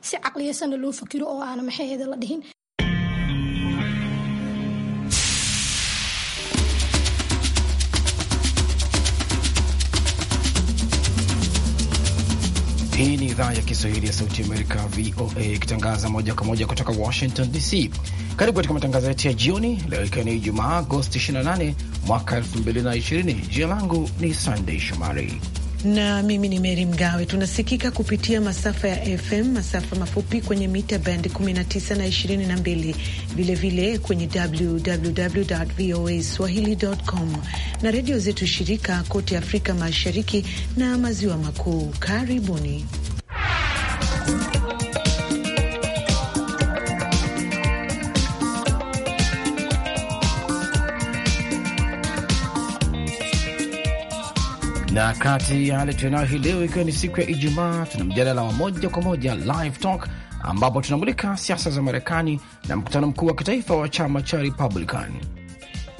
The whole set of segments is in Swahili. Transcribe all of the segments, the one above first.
si caqliyasana loo fakiro oo aana maxaheeda la dhihin Hii ni idhaa ya Kiswahili ya Sauti Amerika, VOA, ikitangaza moja kwa moja kutoka Washington DC. Karibu katika matangazo yetu ya jioni leo, ikiwa ni Ijumaa Agosti 28 mwaka 2020. Jina langu ni sandey Shomari na mimi ni Meri Mgawe. Tunasikika kupitia masafa ya FM, masafa mafupi kwenye mita band 19 na 22, vilevile kwenye www voa swahili.com na redio zetu shirika kote Afrika Mashariki na Maziwa Makuu. Karibuni. na kati ya yale tuyonayo hii leo, ikiwa ni siku ya Ijumaa, tuna mjadala wa moja kwa moja live talk, ambapo tunamulika siasa za Marekani na mkutano mkuu wa kitaifa wa chama cha Republican.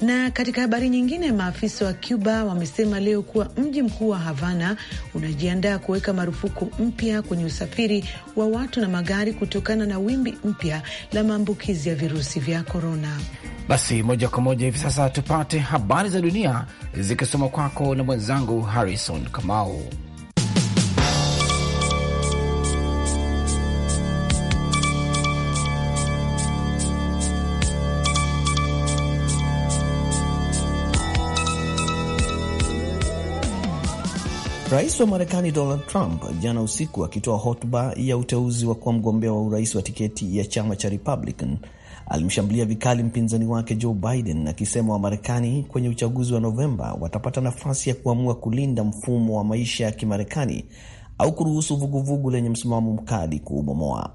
Na katika habari nyingine, maafisa wa Cuba wamesema leo kuwa mji mkuu wa Havana unajiandaa kuweka marufuku mpya kwenye usafiri wa watu na magari kutokana na wimbi mpya la maambukizi ya virusi vya korona. Basi moja kwa moja hivi sasa tupate habari za dunia zikisoma kwako na mwenzangu Harrison Kamau. Rais wa Marekani Donald Trump jana usiku akitoa hotuba ya uteuzi wa kuwa mgombea wa urais wa tiketi ya chama cha Republican alimshambulia vikali mpinzani wake Joe Biden akisema Wamarekani kwenye uchaguzi wa Novemba watapata nafasi ya kuamua kulinda mfumo wa maisha ya Kimarekani au kuruhusu vuguvugu lenye msimamo mkali kuubomoa.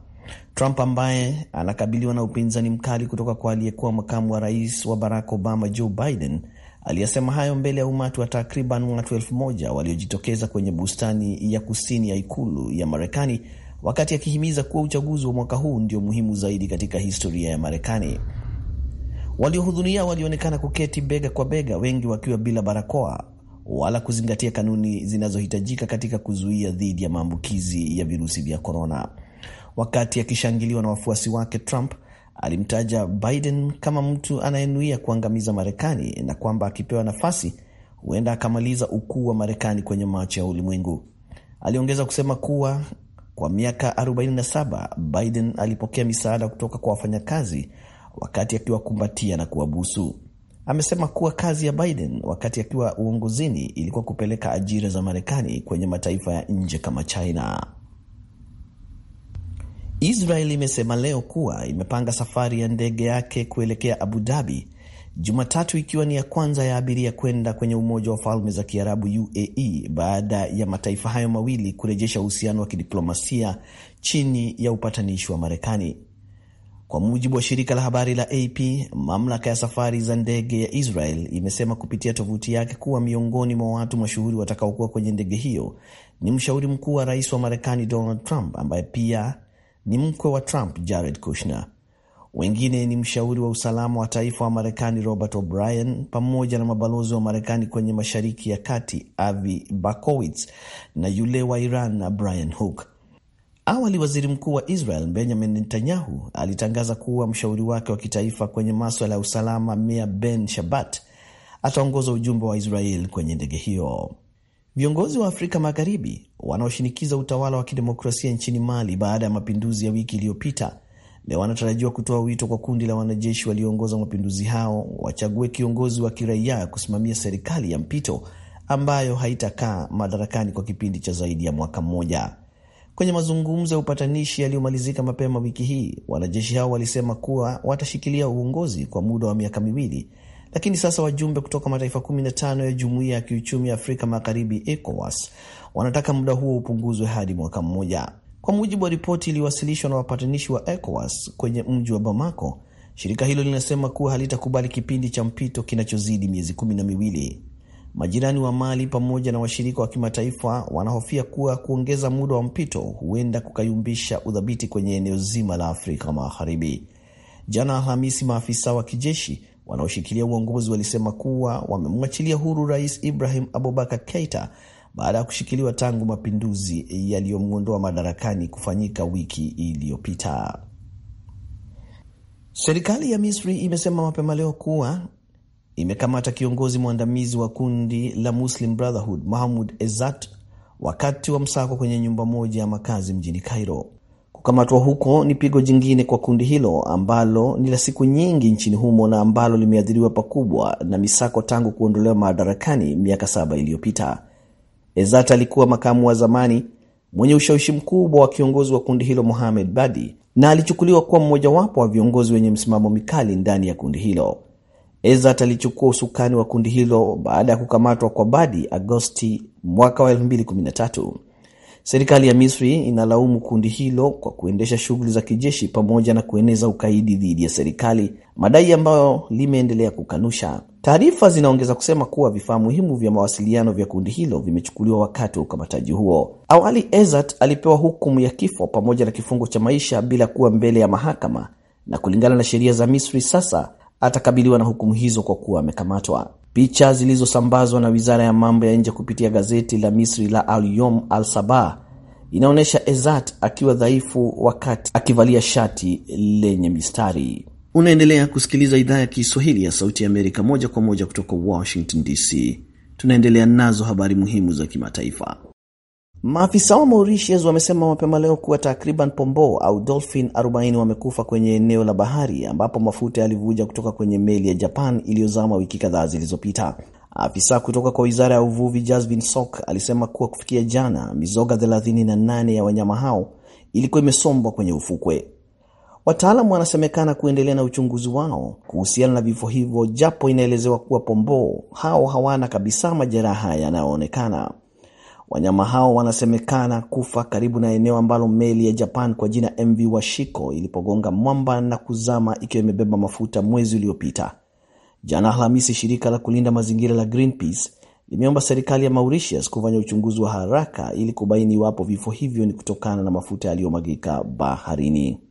Trump ambaye anakabiliwa na upinzani mkali kutoka kwa aliyekuwa makamu wa rais wa Barack Obama Joe Biden aliyesema hayo mbele ya umati wa takriban watu elfu moja waliojitokeza kwenye bustani ya kusini ya ikulu ya Marekani wakati akihimiza kuwa uchaguzi wa mwaka huu ndio muhimu zaidi katika historia ya Marekani. Waliohudhuria walionekana kuketi bega kwa bega, wengi wakiwa bila barakoa wala kuzingatia kanuni zinazohitajika katika kuzuia dhidi ya maambukizi ya virusi vya korona. Wakati akishangiliwa na wafuasi wake, Trump Alimtaja Biden kama mtu anayenuia kuangamiza Marekani na kwamba akipewa nafasi huenda akamaliza ukuu wa Marekani kwenye macho ya ulimwengu. Aliongeza kusema kuwa kwa miaka 47 Biden alipokea misaada kutoka kwa wafanyakazi wakati akiwakumbatia na kuwabusu. Amesema kuwa kazi ya Biden wakati akiwa uongozini ilikuwa kupeleka ajira za Marekani kwenye mataifa ya nje kama China. Israel imesema leo kuwa imepanga safari ya ndege yake kuelekea Abu Dhabi Jumatatu, ikiwa ni ya kwanza ya abiria kwenda kwenye Umoja wa Falme za Kiarabu UAE baada ya mataifa hayo mawili kurejesha uhusiano wa kidiplomasia chini ya upatanishi wa Marekani. Kwa mujibu wa shirika la habari la AP, mamlaka ya safari za ndege ya Israel imesema kupitia tovuti yake kuwa miongoni mwa watu mashuhuri watakaokuwa kwenye ndege hiyo ni mshauri mkuu wa rais wa Marekani Donald Trump ambaye pia ni mkwe wa Trump, Jared Kushner. Wengine ni mshauri wa usalama wa taifa wa Marekani Robert O'Brien, pamoja na mabalozi wa Marekani kwenye Mashariki ya Kati Avi Bakowitz na yule wa Iran na Brian Hook. Awali waziri mkuu wa Israel Benjamin Netanyahu alitangaza kuwa mshauri wake wa kitaifa kwenye maswala ya usalama Mea Ben Shabat ataongoza ujumbe wa Israel kwenye ndege hiyo. Viongozi wa Afrika Magharibi wanaoshinikiza utawala wa kidemokrasia nchini Mali baada ya mapinduzi ya wiki iliyopita leo wanatarajiwa kutoa wito kwa kundi la wanajeshi walioongoza mapinduzi hao wachague kiongozi wa kiraia kusimamia serikali ya mpito ambayo haitakaa madarakani kwa kipindi cha zaidi ya mwaka mmoja. Kwenye mazungumzo ya upatanishi yaliyomalizika mapema wiki hii, wanajeshi hao walisema kuwa watashikilia uongozi kwa muda wa miaka miwili lakini sasa wajumbe kutoka mataifa 15 ya jumuiya ya kiuchumi ya Afrika Magharibi, ECOWAS, wanataka muda huo upunguzwe hadi mwaka mmoja. Kwa mujibu wa ripoti iliyowasilishwa na wapatanishi wa ECOWAS kwenye mji wa Bamako, shirika hilo linasema kuwa halitakubali kipindi cha mpito kinachozidi miezi kumi na miwili. Majirani wa Mali pamoja na washirika wa kimataifa wanahofia kuwa kuongeza muda wa mpito huenda kukayumbisha udhabiti kwenye eneo zima la Afrika Magharibi. Jana Alhamisi, maafisa wa kijeshi wanaoshikilia uongozi walisema kuwa wamemwachilia huru Rais Ibrahim Abubakar Keita baada ya kushikiliwa tangu mapinduzi yaliyomwondoa madarakani kufanyika wiki iliyopita. Serikali ya Misri imesema mapema leo kuwa imekamata kiongozi mwandamizi wa kundi la Muslim Brotherhood Mahmud Ezzat wakati wa msako kwenye nyumba moja ya makazi mjini Cairo. Kukamatwa huko ni pigo jingine kwa kundi hilo ambalo ni la siku nyingi nchini humo na ambalo limeathiriwa pakubwa na misako tangu kuondolewa madarakani miaka saba iliyopita. Ezat alikuwa makamu wa zamani mwenye ushawishi mkubwa wa kiongozi wa kundi hilo Mohamed Badi na alichukuliwa kuwa mmojawapo wa viongozi wenye msimamo mikali ndani ya kundi hilo. Ezat alichukua usukani wa kundi hilo baada ya kukamatwa kwa Badi Agosti mwaka wa 2013. Serikali ya Misri inalaumu kundi hilo kwa kuendesha shughuli za kijeshi pamoja na kueneza ukaidi dhidi ya serikali, madai ambayo limeendelea kukanusha. Taarifa zinaongeza kusema kuwa vifaa muhimu vya mawasiliano vya kundi hilo vimechukuliwa wakati wa ukamataji huo. Awali, Ezat alipewa hukumu ya kifo pamoja na kifungo cha maisha bila kuwa mbele ya mahakama, na kulingana na sheria za Misri sasa atakabiliwa na hukumu hizo kwa kuwa amekamatwa. Picha zilizosambazwa na wizara ya mambo ya nje kupitia gazeti la Misri la Al-Yom Al-Sabah inaonyesha Ezat akiwa dhaifu wakati akivalia shati lenye mistari. Unaendelea kusikiliza idhaa ya Kiswahili ya Sauti ya Amerika moja kwa moja kutoka Washington DC. Tunaendelea nazo habari muhimu za kimataifa. Maafisa wa Mauritius wamesema mapema leo kuwa takriban pomboo au dolphin 40 wamekufa kwenye eneo la bahari ambapo mafuta yalivuja kutoka kwenye meli ya Japan iliyozama wiki kadhaa zilizopita. Afisa kutoka kwa wizara ya uvuvi Jasvin Sok alisema kuwa kufikia jana mizoga 38 ya wanyama hao ilikuwa imesombwa kwenye ufukwe. Wataalamu wanasemekana kuendelea na uchunguzi wao kuhusiana na vifo hivyo, japo inaelezewa kuwa pomboo hao hawana kabisa majeraha yanayoonekana. Wanyama hao wanasemekana kufa karibu na eneo ambalo meli ya Japan kwa jina MV Washiko ilipogonga mwamba na kuzama ikiwa imebeba mafuta mwezi uliopita. Jana Alhamisi, shirika la kulinda mazingira la Greenpeace limeomba serikali ya Mauritius kufanya uchunguzi wa haraka ili kubaini iwapo vifo hivyo ni kutokana na mafuta yaliyomwagika baharini.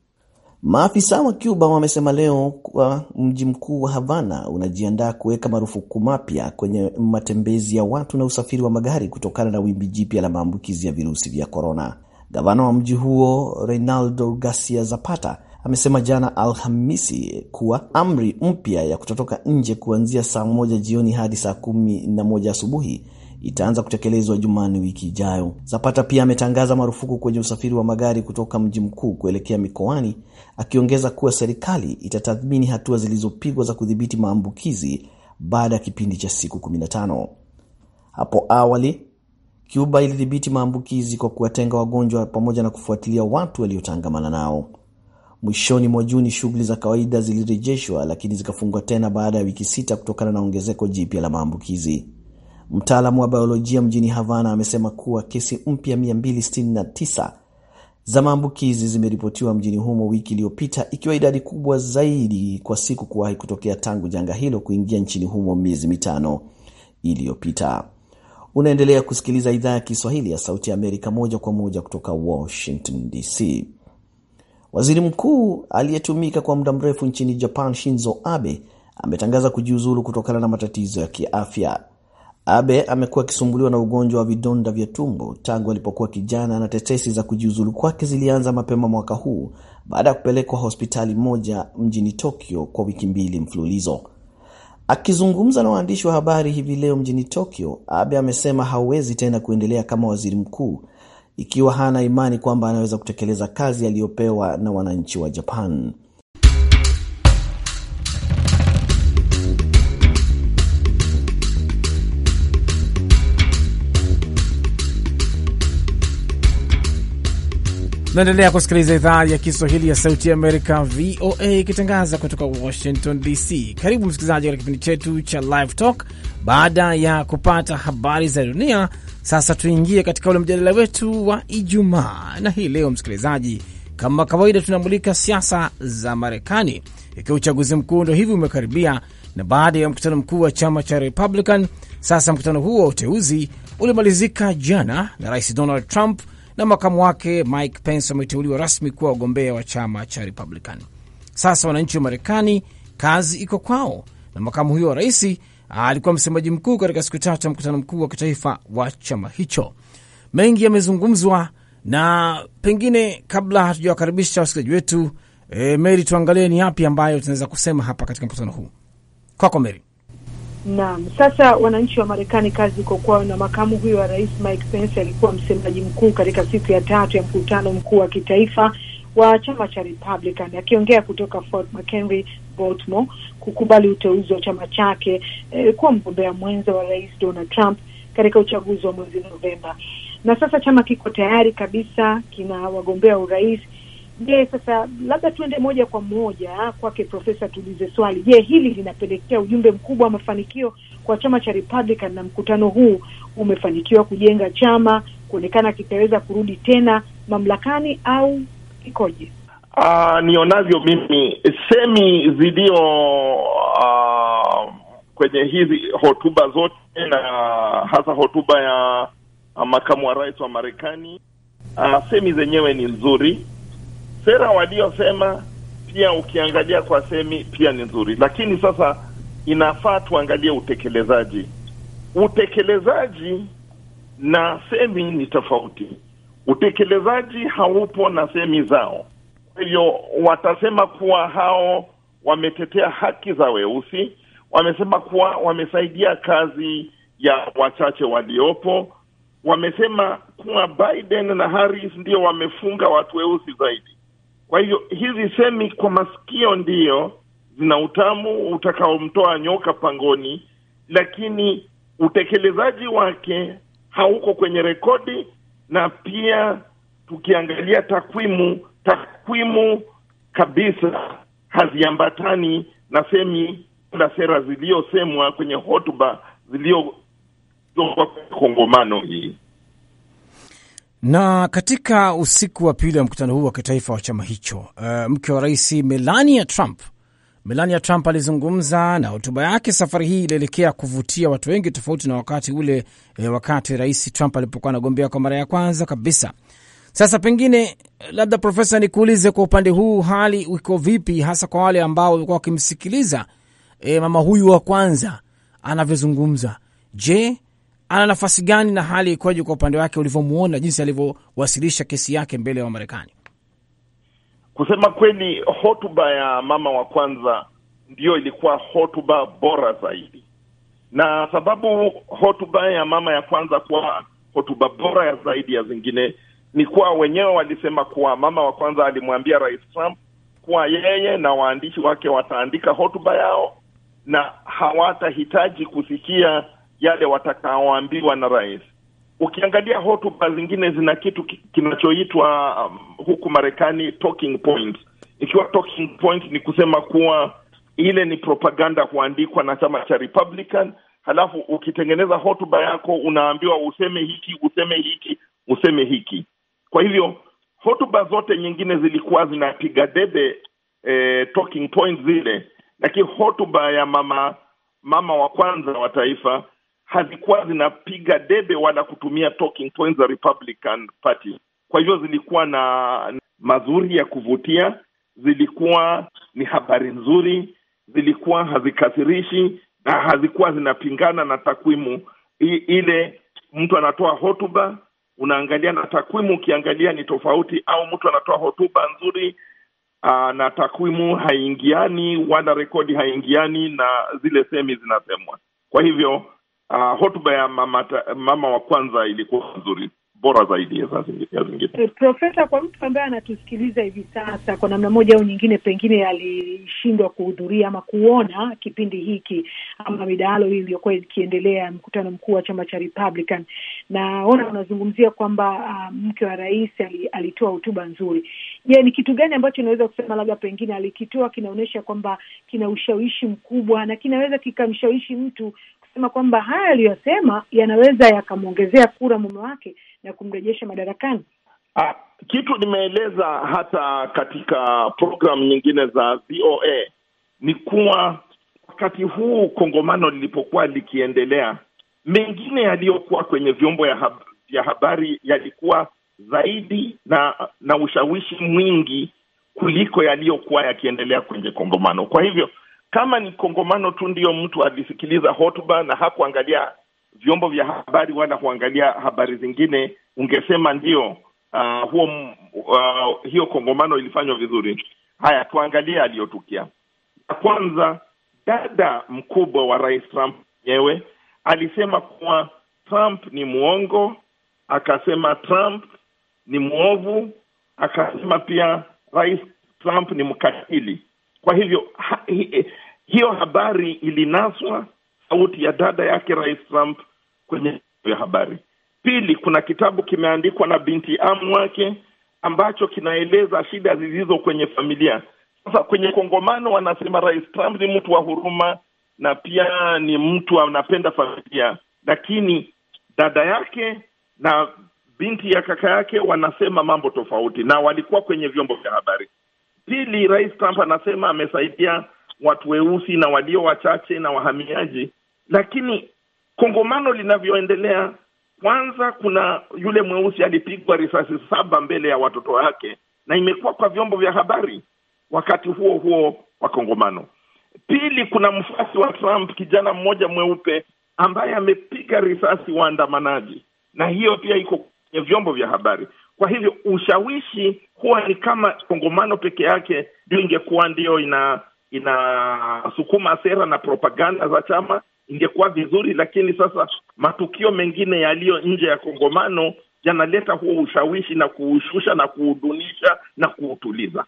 Maafisa wa Cuba wamesema leo kuwa mji mkuu wa Havana unajiandaa kuweka marufuku mapya kwenye matembezi ya watu na usafiri wa magari kutokana na wimbi jipya la maambukizi ya virusi vya korona. Gavana wa mji huo Reinaldo Garcia Zapata amesema jana Alhamisi kuwa amri mpya ya kutotoka nje kuanzia saa moja jioni hadi saa kumi na moja asubuhi itaanza kutekelezwa Jumanne wiki ijayo. Zapata pia ametangaza marufuku kwenye usafiri wa magari kutoka mji mkuu kuelekea mikoani, akiongeza kuwa serikali itatathmini hatua zilizopigwa za kudhibiti maambukizi baada ya kipindi cha siku 15. Hapo awali Cuba ilidhibiti maambukizi kwa kuwatenga wagonjwa pamoja na kufuatilia watu waliotangamana nao. Mwishoni mwa Juni, shughuli za kawaida zilirejeshwa, lakini zikafungwa tena baada ya wiki sita kutokana na ongezeko jipya la maambukizi. Mtaalamu wa biolojia mjini Havana amesema kuwa kesi mpya 269 za maambukizi zimeripotiwa mjini humo wiki iliyopita, ikiwa idadi kubwa zaidi kwa siku kuwahi kutokea tangu janga hilo kuingia nchini humo miezi mitano iliyopita. Unaendelea kusikiliza idhaa ya Kiswahili ya Sauti ya Amerika moja kwa moja kutoka Washington DC. Waziri mkuu aliyetumika kwa muda mrefu nchini Japan, Shinzo Abe, ametangaza kujiuzulu kutokana na matatizo ya kiafya. Abe amekuwa akisumbuliwa na ugonjwa wa vidonda vya tumbo tangu alipokuwa kijana na tetesi za kujiuzulu kwake zilianza mapema mwaka huu baada ya kupelekwa hospitali moja mjini Tokyo kwa wiki mbili mfululizo. Akizungumza na waandishi wa habari hivi leo mjini Tokyo, Abe amesema hawezi tena kuendelea kama waziri mkuu ikiwa hana imani kwamba anaweza kutekeleza kazi aliyopewa na wananchi wa Japan. Naendelea kusikiliza idhaa ya Kiswahili ya Sauti ya Amerika, VOA, ikitangaza kutoka Washington DC. Karibu msikilizaji katika kipindi chetu cha Live Talk. Baada ya kupata habari za dunia, sasa tuingie katika ule mjadala wetu wa Ijumaa, na hii leo msikilizaji, kama kawaida, tunamulika siasa za Marekani, ikiwa uchaguzi mkuu ndo hivi umekaribia, na baada ya mkutano mkuu wa chama cha Republican. Sasa mkutano huo wa uteuzi ulimalizika jana na Rais Donald Trump na makamu wake Mike Pence wameteuliwa rasmi kuwa wagombea wa chama cha Republican. Sasa wananchi wa Marekani, kazi iko kwao, na makamu huyo wa rais alikuwa msemaji mkuu katika siku tatu ya mkutano mkuu wa kitaifa wa chama hicho. Mengi yamezungumzwa na pengine kabla hatujawakaribisha wasikilizaji wetu, e, Mary, tuangalie ni yapi ambayo tunaweza kusema hapa katika mkutano huu. Kwako Mary. Naam, sasa wananchi wa Marekani, kazi iko kwao. Na makamu huyo wa rais Mike Pence alikuwa msemaji mkuu katika siku ya tatu ya mkutano mkuu wa kitaifa wa chama cha Republican akiongea kutoka Fort McHenry, Baltimore, kukubali uteuzi wa chama chake eh, kuwa mgombea mwenza wa rais Donald Trump katika uchaguzi wa mwezi Novemba. Na sasa chama kiko tayari kabisa, kina wagombea urais Je, sasa labda tuende moja kwa moja kwake Profesa, tuulize swali. Je, hili linapelekea ujumbe mkubwa wa mafanikio kwa chama cha Republican na mkutano huu umefanikiwa kujenga chama kuonekana kitaweza kurudi tena mamlakani au ikoje? Uh, nionavyo mimi semi zilio uh, kwenye hizi hotuba zote na hasa hotuba ya ah, makamu wa rais wa Marekani uh, semi zenyewe ni nzuri sera waliosema pia ukiangalia kwa semi pia ni nzuri, lakini sasa inafaa tuangalie utekelezaji. Utekelezaji na semi ni tofauti. Utekelezaji haupo na semi zao, kwa hivyo watasema kuwa hao wametetea haki za weusi, wamesema kuwa wamesaidia kazi ya wachache waliopo, wamesema kuwa Biden na Harris ndio wamefunga watu weusi zaidi. Kwa hivyo hizi semi kwa masikio ndiyo zina utamu utakaomtoa nyoka pangoni, lakini utekelezaji wake hauko kwenye rekodi, na pia tukiangalia takwimu, takwimu kabisa haziambatani na semi na sera ziliyosemwa kwenye hotuba ziliyo kongomano hii. Na katika usiku wa pili wa mkutano huu wa kitaifa wa chama hicho, uh, mke wa rais Melania Trump Melania Trump alizungumza na hotuba yake. Safari hii ilielekea kuvutia watu wengi tofauti na wakati ule, eh, wakati rais Trump alipokuwa anagombea kwa mara ya kwanza kabisa. Sasa pengine, eh, labda Profesa, nikuulize kwa upande huu, hali iko vipi, hasa kwa wale ambao walikuwa wakimsikiliza eh, mama huyu wa kwanza anavyozungumza? Je, ana nafasi gani na hali ikoje kwa upande wake, ulivyomuona jinsi alivyowasilisha kesi yake mbele ya Wamarekani? Kusema kweli, hotuba ya mama wa kwanza ndiyo ilikuwa hotuba bora zaidi, na sababu hotuba ya mama ya kwanza kuwa hotuba bora ya zaidi ya zingine ni kuwa wenyewe walisema kuwa mama wa kwanza alimwambia Rais Trump kuwa yeye na waandishi wake wataandika hotuba yao na hawatahitaji kusikia yale watakaoambiwa na rais. Ukiangalia hotuba zingine zina kitu kinachoitwa um, huku Marekani talking Ikiwa talking point ni kusema kuwa ile ni propaganda kuandikwa na chama cha Republican, halafu ukitengeneza hotuba yako unaambiwa useme hiki, useme hiki, useme hiki. Kwa hivyo hotuba zote nyingine zilikuwa zinapiga debe eh, talking zile, lakini hotuba ya mama mama wa kwanza wa taifa hazikuwa zinapiga debe wala kutumia talking points za Republican Party. Kwa hivyo zilikuwa na mazuri ya kuvutia, zilikuwa ni habari nzuri, zilikuwa hazikasirishi na hazikuwa zinapingana na takwimu ile. Mtu anatoa hotuba, unaangalia na takwimu, ukiangalia ni tofauti, au mtu anatoa hotuba nzuri na takwimu haingiani wala rekodi haingiani na zile semi zinasemwa. Kwa hivyo uh, hotuba ya mama, mama wa kwanza ilikuwa nzuri bora zaidi ya zingine. E, Profesa, kwa mtu ambaye anatusikiliza hivi sasa, kwa namna moja au nyingine, pengine alishindwa kuhudhuria ama kuona kipindi hiki ama midahalo hii iliyokuwa ikiendelea, mkutano mkuu wa chama cha Republican, naona unazungumzia kwamba uh, mke wa rais alitoa hotuba nzuri. Je, ni kitu gani ambacho unaweza kusema labda pengine alikitoa kinaonyesha kwamba kina ushawishi mkubwa na kinaweza kikamshawishi mtu sema kwamba haya aliyosema yanaweza yakamwongezea kura mume wake na kumrejesha madarakani. Ah, kitu nimeeleza hata katika programu nyingine za VOA ni kuwa wakati huu kongamano lilipokuwa likiendelea, mengine yaliyokuwa kwenye vyombo vya hab ya habari yalikuwa zaidi na na ushawishi mwingi kuliko yaliyokuwa yakiendelea kwenye kongamano. Kwa hivyo kama ni kongomano tu ndiyo mtu alisikiliza hotuba na hakuangalia vyombo vya habari wala kuangalia habari zingine, ungesema ndio, uh, huo uh, hiyo kongomano ilifanywa vizuri. Haya, tuangalie aliyotukia. Ya kwanza, dada mkubwa wa rais Trump mwenyewe alisema kuwa Trump ni mwongo, akasema Trump ni mwovu, akasema pia rais Trump ni mkatili. Kwa hivyo ha, hi, eh, hiyo habari ilinaswa sauti ya dada yake Rais Trump kwenye ya habari. Pili, kuna kitabu kimeandikwa na binti amu wake ambacho kinaeleza shida zilizo kwenye familia. Sasa kwenye Kongomano wanasema Rais Trump ni mtu wa huruma na pia ni mtu anapenda familia, lakini dada yake na binti ya kaka yake wanasema mambo tofauti, na walikuwa kwenye vyombo vya habari. Pili, Rais Trump anasema amesaidia watu weusi na walio wachache na wahamiaji, lakini kongomano linavyoendelea, kwanza kuna yule mweusi alipigwa risasi saba mbele ya watoto wake na imekuwa kwa vyombo vya habari wakati huo huo wa kongomano Pili, kuna mfuasi wa Trump kijana mmoja mweupe ambaye amepiga risasi waandamanaji, na hiyo pia iko kwenye vyombo vya habari. Kwa hivyo ushawishi huwa ni kama kongomano peke yake ndio ingekuwa ndiyo ina inasukuma sera na propaganda za chama ingekuwa vizuri, lakini sasa matukio mengine yaliyo nje ya kongomano yanaleta huo ushawishi na kuushusha na kuudunisha na kuutuliza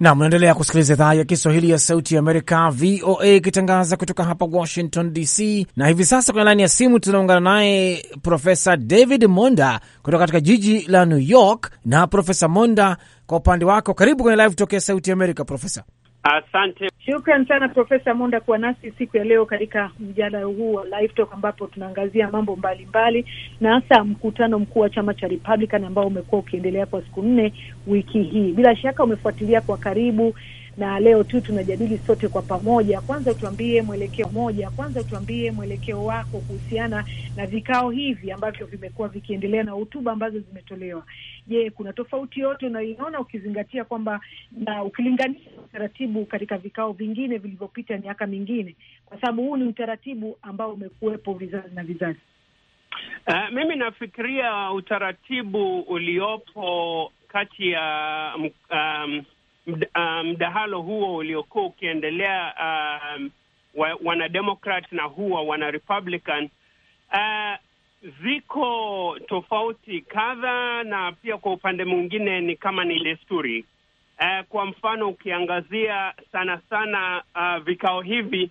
na mnaendelea kusikiliza idhaa ya Kiswahili ya Sauti ya Amerika, VOA, ikitangaza kutoka hapa Washington DC. Na hivi sasa kwenye laini ya simu tunaungana naye Profesa David Monda kutoka katika jiji la New York. Na Profesa Monda, kwa upande wako, karibu kwenye Live Tokea Sauti ya Amerika, Profesa. Asante Shukran sana Profesa Monda kuwa nasi siku ya leo katika mjadala huu wa Live Talk ambapo tunaangazia mambo mbalimbali mbali, na hasa mkutano mkuu wa chama cha Republican ambao umekuwa ukiendelea kwa siku nne wiki hii. Bila shaka umefuatilia kwa karibu na leo tu tunajadili sote kwa pamoja. Kwanza utuambie mwelekeo moja, kwanza utuambie mwelekeo wako kuhusiana na vikao hivi ambavyo vimekuwa vikiendelea na hotuba ambazo zimetolewa. Je, kuna tofauti yote unayoiona ukizingatia kwamba na ukilinganisha utaratibu katika vikao vingine vilivyopita miaka mingine, kwa sababu huu ni utaratibu ambao umekuwepo vizazi na vizazi? Uh, mimi nafikiria utaratibu uliopo kati ya um, Uh, mdahalo huo uliokuwa ukiendelea um, wa, wanademokrat na huwa wana Republican uh, ziko tofauti kadha, na pia kwa upande mwingine ni kama ni desturi uh, kwa mfano ukiangazia sana sana uh, vikao hivi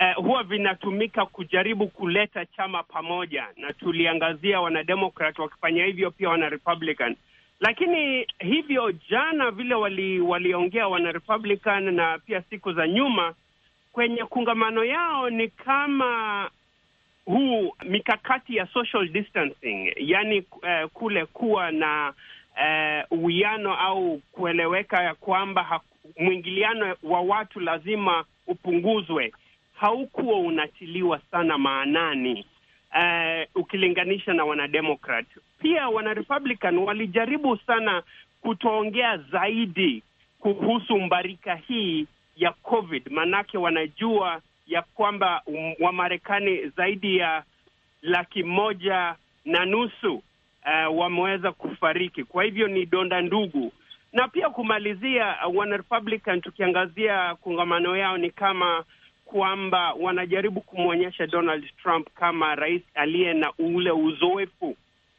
uh, huwa vinatumika kujaribu kuleta chama pamoja, na tuliangazia wanademokrat wakifanya hivyo, pia wana Republican lakini hivyo jana vile wali, waliongea wana Republican na pia siku za nyuma kwenye kungamano yao ni kama huu mikakati ya social distancing, yani eh, kule kuwa na eh, uwiano au kueleweka ya kwamba mwingiliano wa watu lazima upunguzwe, haukuwa unatiliwa sana maanani uh, ukilinganisha na wanademokrat. Pia wanarepublican walijaribu sana kutoongea zaidi kuhusu mbarika hii ya COVID, maanake wanajua ya kwamba um, Wamarekani zaidi ya laki moja na nusu uh, wameweza kufariki, kwa hivyo ni donda ndugu. Na pia kumalizia, uh, wanarepublican tukiangazia kongamano yao ni kama kwamba wanajaribu kumwonyesha Donald Trump kama rais aliye na ule uzoefu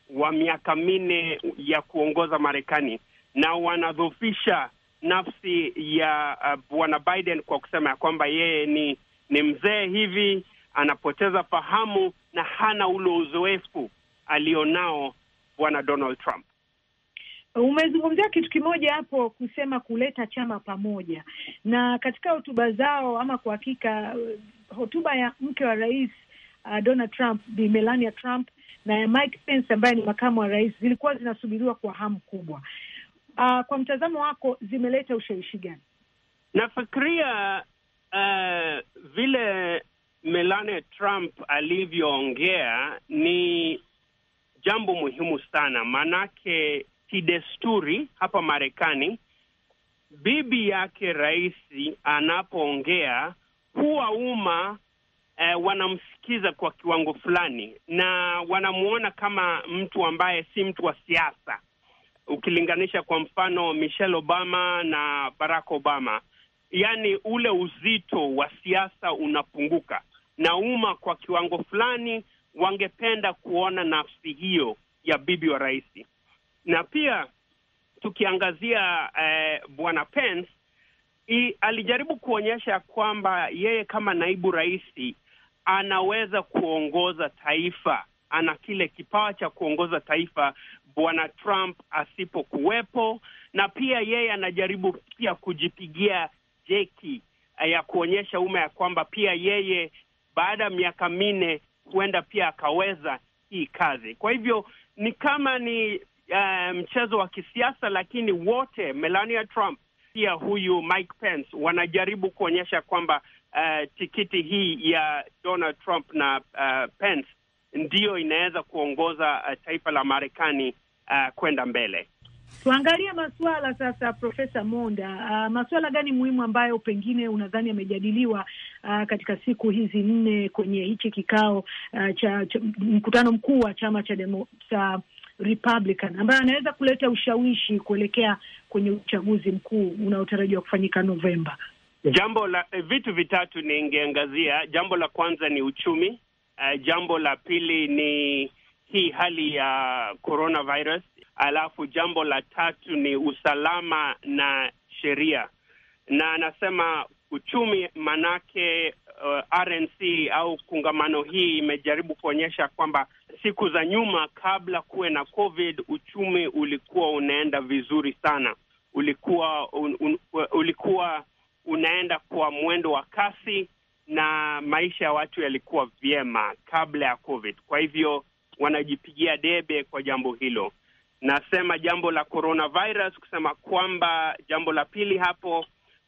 wa miaka minne ya kuongoza Marekani, na wanadhofisha nafsi ya uh, bwana Biden kwa kusema ya kwamba yeye ni ni mzee hivi, anapoteza fahamu na hana ule uzoefu alionao bwana Donald Trump. Umezungumzia kitu kimoja hapo kusema kuleta chama pamoja, na katika hotuba zao ama kwa hakika hotuba ya mke wa rais uh, Donald Trump Bi Melania Trump na ya Mike Pence ambaye ni makamu wa rais zilikuwa zinasubiriwa kwa hamu kubwa. Uh, kwa mtazamo wako zimeleta ushawishi gani? Nafikiria uh, vile Melania Trump alivyoongea ni jambo muhimu sana, maanake kidesturi hapa Marekani, bibi yake rais anapoongea huwa umma eh, wanamsikiza kwa kiwango fulani na wanamwona kama mtu ambaye si mtu wa siasa, ukilinganisha kwa mfano Michelle Obama na Barack Obama, yaani ule uzito wa siasa unapunguka, na umma kwa kiwango fulani wangependa kuona nafsi hiyo ya bibi wa raisi na pia tukiangazia eh, bwana Pence i, alijaribu kuonyesha kwamba yeye kama naibu rais anaweza kuongoza taifa, ana kile kipawa cha kuongoza taifa bwana Trump asipokuwepo, na pia yeye anajaribu pia kujipigia jeki eh, ya kuonyesha umma ya kwamba pia yeye baada ya miaka minne huenda pia akaweza hii kazi. Kwa hivyo ni kama ni Eh, mchezo wa kisiasa, lakini wote Melania Trump pia huyu Mike Pence wanajaribu kuonyesha kwamba uh, tikiti hii ya Donald Trump na uh, Pence ndiyo inaweza kuongoza uh, taifa la Marekani uh, kwenda mbele. Tuangalie masuala sasa, Profesa Monda, uh, ah, masuala gani muhimu ambayo pengine unadhani yamejadiliwa uh, katika siku hizi nne kwenye hichi kikao uh, cha, cha mkutano mkuu wa chama cha demo, cha Republican ambaye anaweza kuleta ushawishi kuelekea kwenye uchaguzi mkuu unaotarajiwa kufanyika Novemba. Jambo la eh, vitu vitatu ningeangazia. Jambo la kwanza ni uchumi. Uh, jambo la pili ni hii hali ya coronavirus, alafu jambo la tatu ni usalama na sheria. Na anasema uchumi, manake uh, RNC au kungamano hii imejaribu kuonyesha kwamba siku za nyuma kabla kuwe na COVID uchumi ulikuwa unaenda vizuri sana, ulikuwa un, un, ulikuwa unaenda kwa mwendo wa kasi na maisha ya watu yalikuwa vyema kabla ya COVID. Kwa hivyo wanajipigia debe kwa jambo hilo. Nasema jambo la coronavirus, kusema kwamba jambo la pili hapo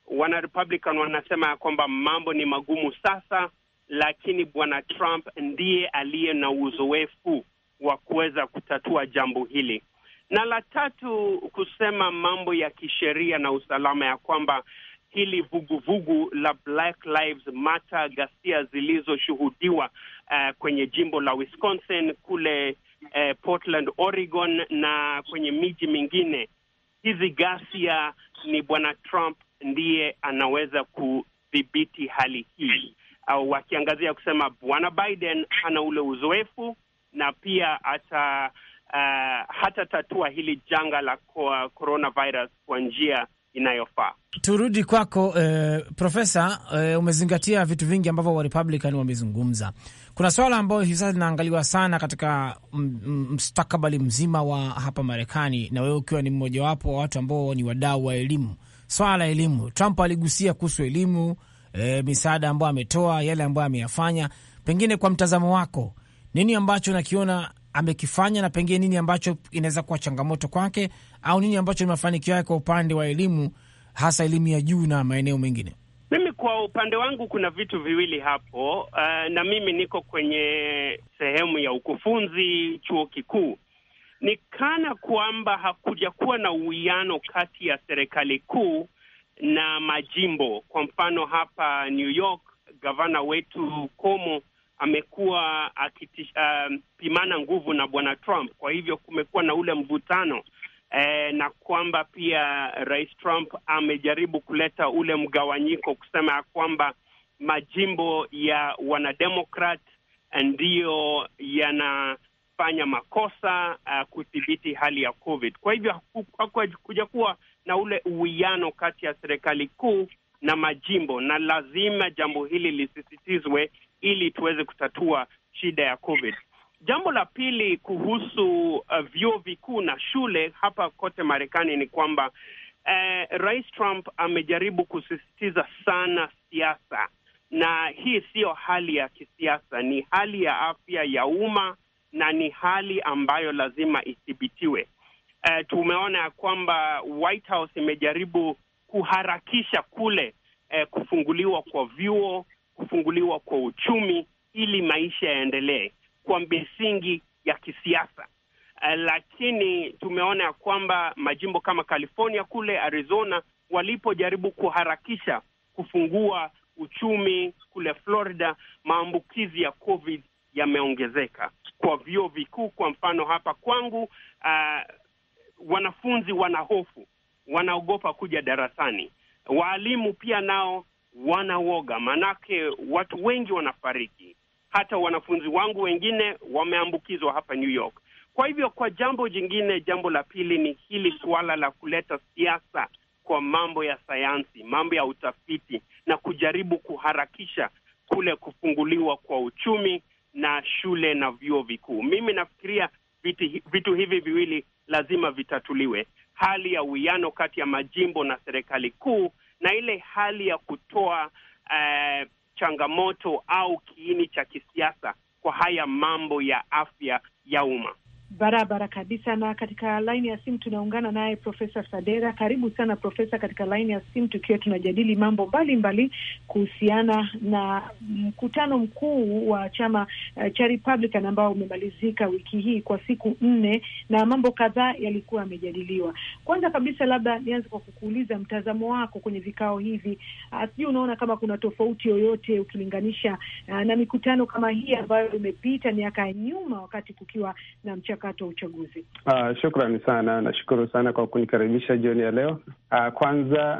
wana Republican wanasema ya kwamba mambo ni magumu sasa, lakini bwana Trump ndiye aliye na uzoefu wa kuweza kutatua jambo hili. Na la tatu, kusema mambo ya kisheria na usalama, ya kwamba hili vuguvugu vugu la Black Lives Matter, ghasia zilizoshuhudiwa uh, kwenye jimbo la Wisconsin kule uh, Portland, Oregon na kwenye miji mingine, hizi ghasia ni bwana Trump ndiye anaweza kudhibiti hali hii, au wakiangazia kusema bwana Biden ana ule uzoefu na pia ata uh, hata tatua hili janga la coronavirus kwa njia inayofaa. Turudi kwako eh, Profesa eh, umezingatia vitu vingi ambavyo wa Republican wamezungumza. Kuna swala ambayo hivi sasa linaangaliwa sana katika mstakabali mzima wa hapa Marekani, na wewe ukiwa ni mmojawapo wa watu ambao ni wadau wa elimu swala la elimu. Trump aligusia kuhusu elimu, e, misaada ambayo ametoa, yale ambayo ameyafanya. Pengine kwa mtazamo wako, nini ambacho nakiona amekifanya na pengine nini ambacho inaweza kuwa changamoto kwake au nini ambacho ni mafanikio yake kwa upande wa elimu, hasa elimu ya juu na maeneo mengine? Mimi kwa upande wangu kuna vitu viwili hapo. Uh, na mimi niko kwenye sehemu ya ukufunzi chuo kikuu ni kana kwamba hakuja kuwa na uwiano kati ya serikali kuu na majimbo. Kwa mfano hapa New York, gavana wetu Cuomo amekuwa akipimana um, nguvu na bwana Trump. Kwa hivyo kumekuwa na ule mvutano e, na kwamba pia rais Trump amejaribu kuleta ule mgawanyiko, kusema ya kwamba majimbo ya wanademokrat eh, ndiyo yana kufanya makosa uh, kudhibiti hali ya COVID. Kwa hivyo hakuja kuwa na ule uwiano kati ya serikali kuu na majimbo, na lazima jambo hili lisisitizwe ili tuweze kutatua shida ya COVID. Jambo la pili kuhusu uh, vyuo vikuu na shule hapa kote Marekani ni kwamba uh, Rais Trump amejaribu kusisitiza sana siasa, na hii siyo hali ya kisiasa, ni hali ya afya ya umma na ni hali ambayo lazima ithibitiwe. Uh, tumeona ya kwamba White House imejaribu kuharakisha kule uh, kufunguliwa kwa vyuo, kufunguliwa kwa uchumi ili maisha yaendelee kwa misingi ya kisiasa. Uh, lakini tumeona ya kwamba majimbo kama California kule Arizona walipojaribu kuharakisha kufungua uchumi kule Florida, maambukizi ya COVID yameongezeka kwa vyuo vikuu. Kwa mfano hapa kwangu, uh, wanafunzi wana hofu, wanaogopa kuja darasani. Waalimu pia nao wanawoga, maanake watu wengi wanafariki. Hata wanafunzi wangu wengine wameambukizwa hapa New York. Kwa hivyo, kwa jambo jingine, jambo la pili ni hili suala la kuleta siasa kwa mambo ya sayansi, mambo ya utafiti na kujaribu kuharakisha kule kufunguliwa kwa uchumi na shule na vyuo vikuu. Mimi nafikiria viti, vitu hivi viwili lazima vitatuliwe, hali ya uwiano kati ya majimbo na serikali kuu na ile hali ya kutoa uh, changamoto au kiini cha kisiasa kwa haya mambo ya afya ya umma barabara kabisa. Na katika laini ya simu tunaungana naye Profesa Sadera. Karibu sana Profesa katika laini ya simu, tukiwa tunajadili mambo mbalimbali kuhusiana na mkutano mkuu wa chama uh, cha Republican ambao umemalizika wiki hii kwa siku nne, na mambo kadhaa yalikuwa yamejadiliwa. Kwanza kabisa, labda nianze kwa kukuuliza mtazamo wako kwenye vikao hivi. Uh, unaona kama kuna tofauti yoyote ukilinganisha uh, na mikutano kama hii ambayo imepita miaka ya nyuma wakati kukiwa na mcha mchakato wa uchaguzi? Uh, shukrani sana, nashukuru sana kwa kunikaribisha jioni ya leo. Uh, kwanza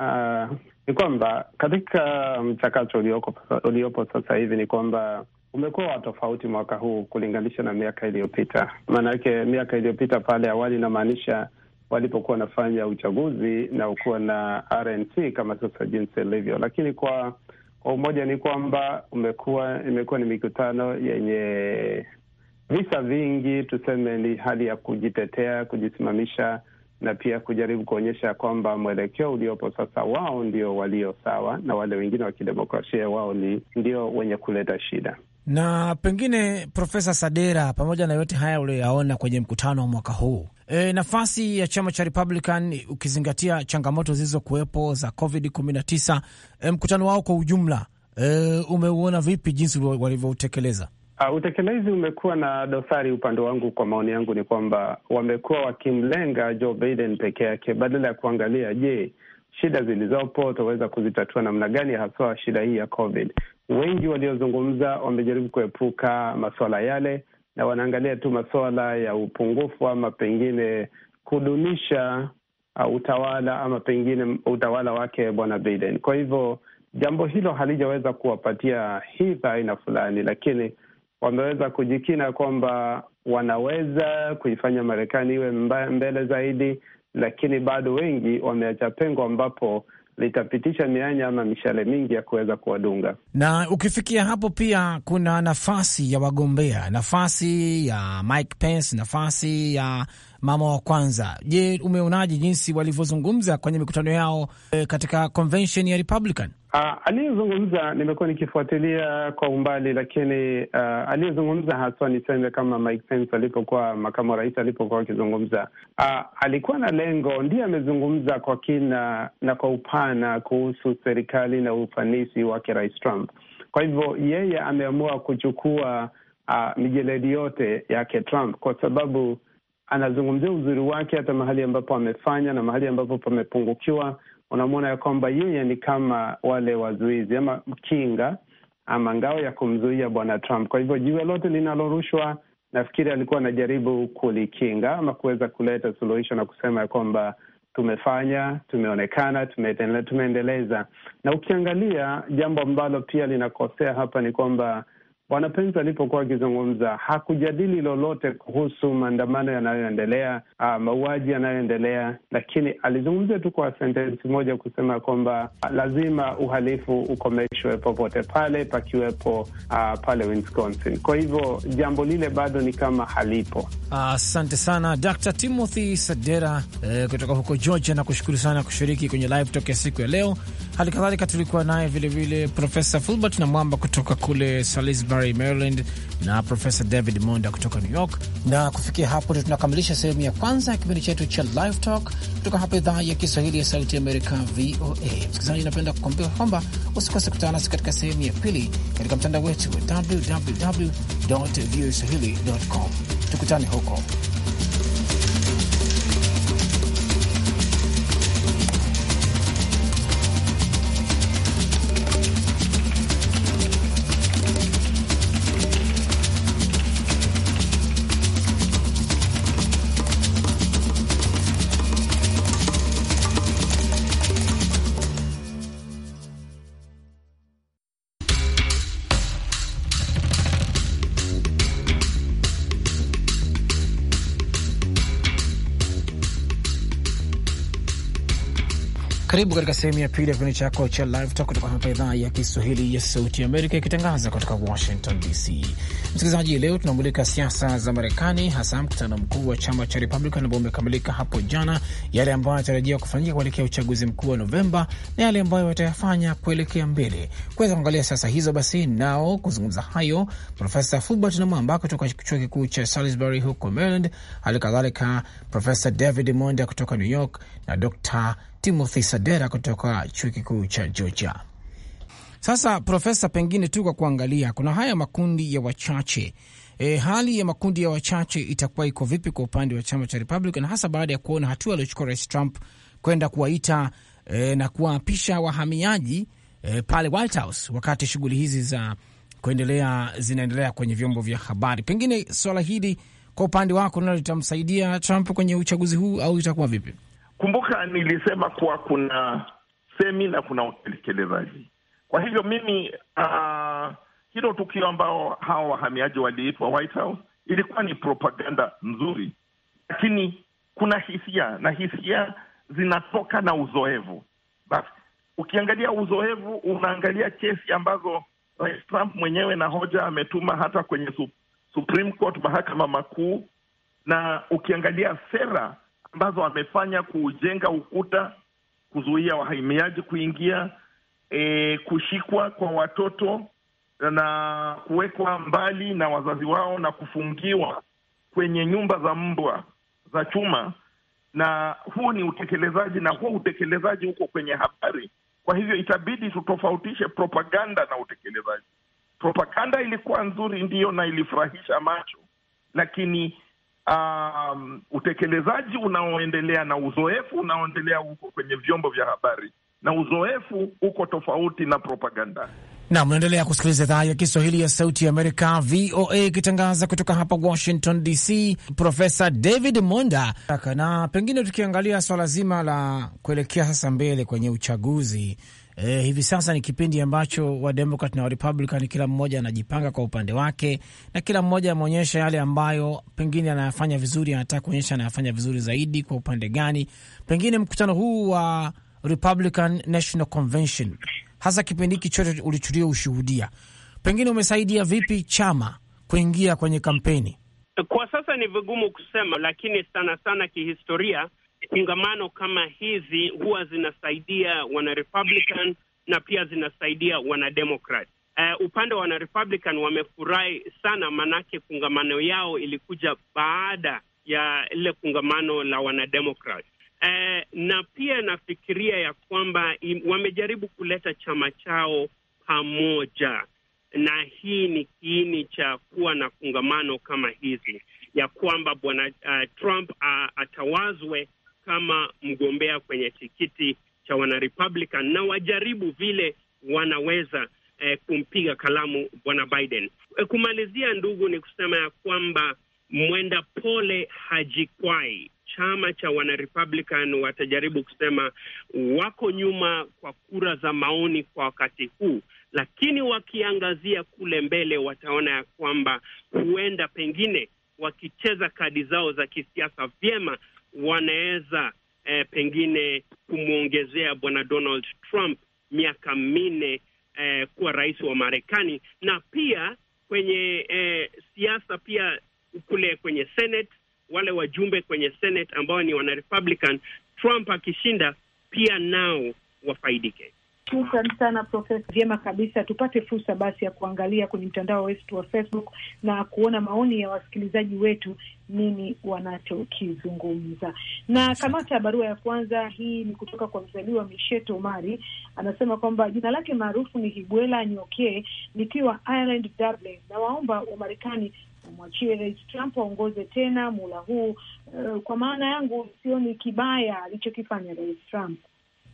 uh, ni kwamba katika mchakato uliopo, uliopo sasa hivi ni kwamba umekuwa wa tofauti mwaka huu kulinganisha na miaka iliyopita. Maanake miaka iliyopita pale awali inamaanisha walipokuwa wanafanya uchaguzi na ukuwa na RNC kama sasa jinsi ilivyo, lakini kwa kwa umoja ni kwamba umekuwa imekuwa ni mikutano yenye visa vingi, tuseme ni hali ya kujitetea, kujisimamisha na pia kujaribu kuonyesha kwamba mwelekeo uliopo sasa wao ndio walio sawa na wale wengine wa kidemokrasia wao ni ndio wenye kuleta shida. Na pengine, Profesa Sadera, pamoja na yote haya ulioyaona kwenye mkutano wa mwaka huu e, nafasi ya chama cha Republican ukizingatia changamoto zilizokuwepo za Covid 19, e, mkutano wao kwa ujumla e, umeuona vipi jinsi walivyoutekeleza? Uh, utekelezi umekuwa na dosari. Upande wangu, kwa maoni yangu, ni kwamba wamekuwa wakimlenga Joe Biden peke yake badala ya kuangalia, je, shida zilizopo tutaweza kuzitatua namna gani, haswa shida hii ya COVID. Wengi waliozungumza wamejaribu kuepuka masuala yale na wanaangalia tu masuala ya upungufu ama pengine kudunisha uh, utawala ama pengine utawala wake bwana Biden. Kwa hivyo jambo hilo halijaweza kuwapatia hii aina fulani, lakini wameweza kujikina kwamba wanaweza kuifanya Marekani iwe mbele zaidi, lakini bado wengi wameacha pengo ambapo litapitisha mianya ama mishale mingi ya kuweza kuwadunga. Na ukifikia hapo, pia kuna nafasi ya wagombea, nafasi ya Mike Pence, nafasi ya mama wa kwanza. Je, umeonaje jinsi walivyozungumza kwenye mikutano yao e, katika convention ya Republican? Uh, aliyezungumza nimekuwa nikifuatilia kwa umbali, lakini uh, aliyezungumza haswa niseme kama Mike Pence alipokuwa makamu wa rais alipokuwa akizungumza, uh, alikuwa na lengo, ndiye amezungumza kwa kina na kwa upana kuhusu serikali na ufanisi wake Rais Trump. Kwa hivyo yeye ameamua kuchukua uh, mijeledi yote yake Trump kwa sababu anazungumzia uzuri wake hata mahali ambapo amefanya na mahali ambapo pamepungukiwa unamwona ya kwamba yeye ni kama wale wazuizi ama kinga ama ngao ya kumzuia bwana Trump. Kwa hivyo jiwe lote linalorushwa, nafikiri alikuwa anajaribu kulikinga ama kuweza kuleta suluhisho na kusema ya kwamba tumefanya, tumeonekana, tumeendeleza. Na ukiangalia jambo ambalo pia linakosea hapa ni kwamba Bwana Pence alipokuwa akizungumza hakujadili lolote kuhusu maandamano yanayoendelea, ah, mauaji yanayoendelea, lakini alizungumza tu kwa sentensi moja kusema kwamba ah, lazima uhalifu ukomeshwe popote pale, pakiwepo uh, pale Wisconsin. Kwa hivyo jambo lile bado ni kama halipo. Asante uh, sana Dr. Timothy Sadera eh, kutoka huko Georgia na kushukuru sana kushiriki kwenye live talk ya siku ya leo. Hali kadhalika tulikuwa naye vilevile Profesa Fulbert na Mwamba kutoka kule Salisbury Murray, Maryland, na Profesa David Monda kutoka New York. Na kufikia hapo ndio tunakamilisha sehemu ya kwanza ya kipindi chetu cha Live Talk kutoka hapa idhaa ya Kiswahili ya Sauti Amerika, VOA. Msikilizaji, napenda kukwambia kwamba usikose kutana nasi katika sehemu ya pili katika mtandao wetu www voaswahili com. Tukutane huko. Karibu katika sehemu ya pili ya kipindi chako cha Live Talk kutoka hapa idhaa ya Kiswahili ya Sauti Amerika, ikitangaza kutoka Washington DC. Msikilizaji, leo tunamulika siasa za Marekani, hasa mkutano mkuu wa chama cha Republican ambao umekamilika hapo jana, yale ambayo yanatarajiwa kufanyika kuelekea uchaguzi mkuu wa Novemba na yale ambayo watayafanya kuelekea mbele. Kuweza kuangalia siasa hizo, basi nao kuzungumza hayo, Profesa Fulbert Mwamba kutoka chuo kikuu cha Salisbury huko Maryland, hali kadhalika Profesa David Monda kutoka New York na Dr Timothy Sadera kutoka chuo kikuu cha Georgia. Sasa profesa, pengine tu kwa kuangalia, kuna haya makundi ya wachache e, hali ya makundi ya wachache itakuwa iko vipi kwa upande wa chama cha Republican, hasa baada ya kuona hatua aliyochukua Rais Trump kwenda kuwaita e, na kuwaapisha wahamiaji e, pale White House, wakati shughuli hizi za kuendelea zinaendelea kwenye vyombo vya habari, pengine swala hili kwa upande wako nalo litamsaidia Trump kwenye uchaguzi huu au itakuwa vipi? Kumbuka nilisema kuwa kuna semi na kuna utekelezaji. Kwa hivyo mimi uh, hilo tukio ambao hawa wahamiaji waliitwa White House ilikuwa ni propaganda nzuri, lakini kuna hisia na hisia zinatoka na uzoevu Basi ukiangalia uzoevu unaangalia kesi ambazo Rais Trump mwenyewe na hoja ametuma hata kwenye Supreme Court, mahakama makuu, na ukiangalia sera ambazo amefanya kujenga ukuta, kuzuia wahamiaji kuingia, e, kushikwa kwa watoto na kuwekwa mbali na wazazi wao na kufungiwa kwenye nyumba za mbwa za chuma. Na huu ni utekelezaji, na huu utekelezaji huko kwenye habari. Kwa hivyo itabidi tutofautishe propaganda na utekelezaji. Propaganda ilikuwa nzuri, ndiyo, na ilifurahisha macho, lakini um, utekelezaji unaoendelea na uzoefu unaoendelea huko kwenye vyombo vya habari, na uzoefu uko tofauti na propaganda. Na mnaendelea kusikiliza idhaa ya Kiswahili ya Sauti ya Amerika, VOA, ikitangaza kutoka hapa Washington DC. Profesa David Monda, na pengine tukiangalia swala zima la kuelekea sasa mbele kwenye uchaguzi eh, hivi sasa ni kipindi ambacho Wademokrat na Warepublican kila mmoja anajipanga kwa upande wake, na kila mmoja ameonyesha yale ambayo pengine anayafanya vizuri, anataka kuonyesha anayafanya vizuri zaidi kwa upande gani. Pengine mkutano huu wa Republican National Convention, hasa kipindi hiki chote ulichulia ushuhudia, pengine umesaidia vipi chama kuingia kwenye kampeni? Kwa sasa ni vigumu kusema, lakini sana sana kihistoria Nyungamano kama hizi huwa zinasaidia wana Republican na pia zinasaidia wana Democrat. Uh, eh, upande wa wana Republican wamefurahi sana, manake kungamano yao ilikuja baada ya lile kungamano la wanademokrat. Uh, na pia nafikiria ya kwamba wamejaribu kuleta chama chao pamoja, na hii ni kiini cha kuwa na kungamano kama hizi, ya kwamba bwana uh, Trump uh, atawazwe kama mgombea kwenye tikiti cha wanarepublican na wajaribu vile wanaweza eh, kumpiga kalamu bwana Biden. Eh, kumalizia ndugu, ni kusema ya kwamba mwenda pole hajikwai. Chama cha wanarepublican watajaribu kusema wako nyuma kwa kura za maoni kwa wakati huu, lakini wakiangazia kule mbele wataona ya kwamba huenda pengine wakicheza kadi zao za kisiasa vyema wanaweza eh, pengine kumwongezea bwana Donald Trump miaka minne eh, kuwa rais wa Marekani, na pia kwenye eh, siasa pia kule kwenye Senate, wale wajumbe kwenye Senate ambao ni wana Republican, Trump akishinda pia nao wafaidike. Shukran sana Profesa, vyema kabisa. Tupate fursa basi ya kuangalia kwenye mtandao wetu wa Facebook na kuona maoni ya wasikilizaji wetu nini wanachokizungumza. Na kamata ya barua ya kwanza hii ni kutoka kwa mzaliwa Misheto mari anasema kwamba jina lake maarufu ni Hibwela nyokee nikiwa Ireland, Dublin, na waomba wa Marekani wamwachie Rais Trump aongoze tena muhula huu. Uh, kwa maana yangu sioni kibaya alichokifanya Rais Trump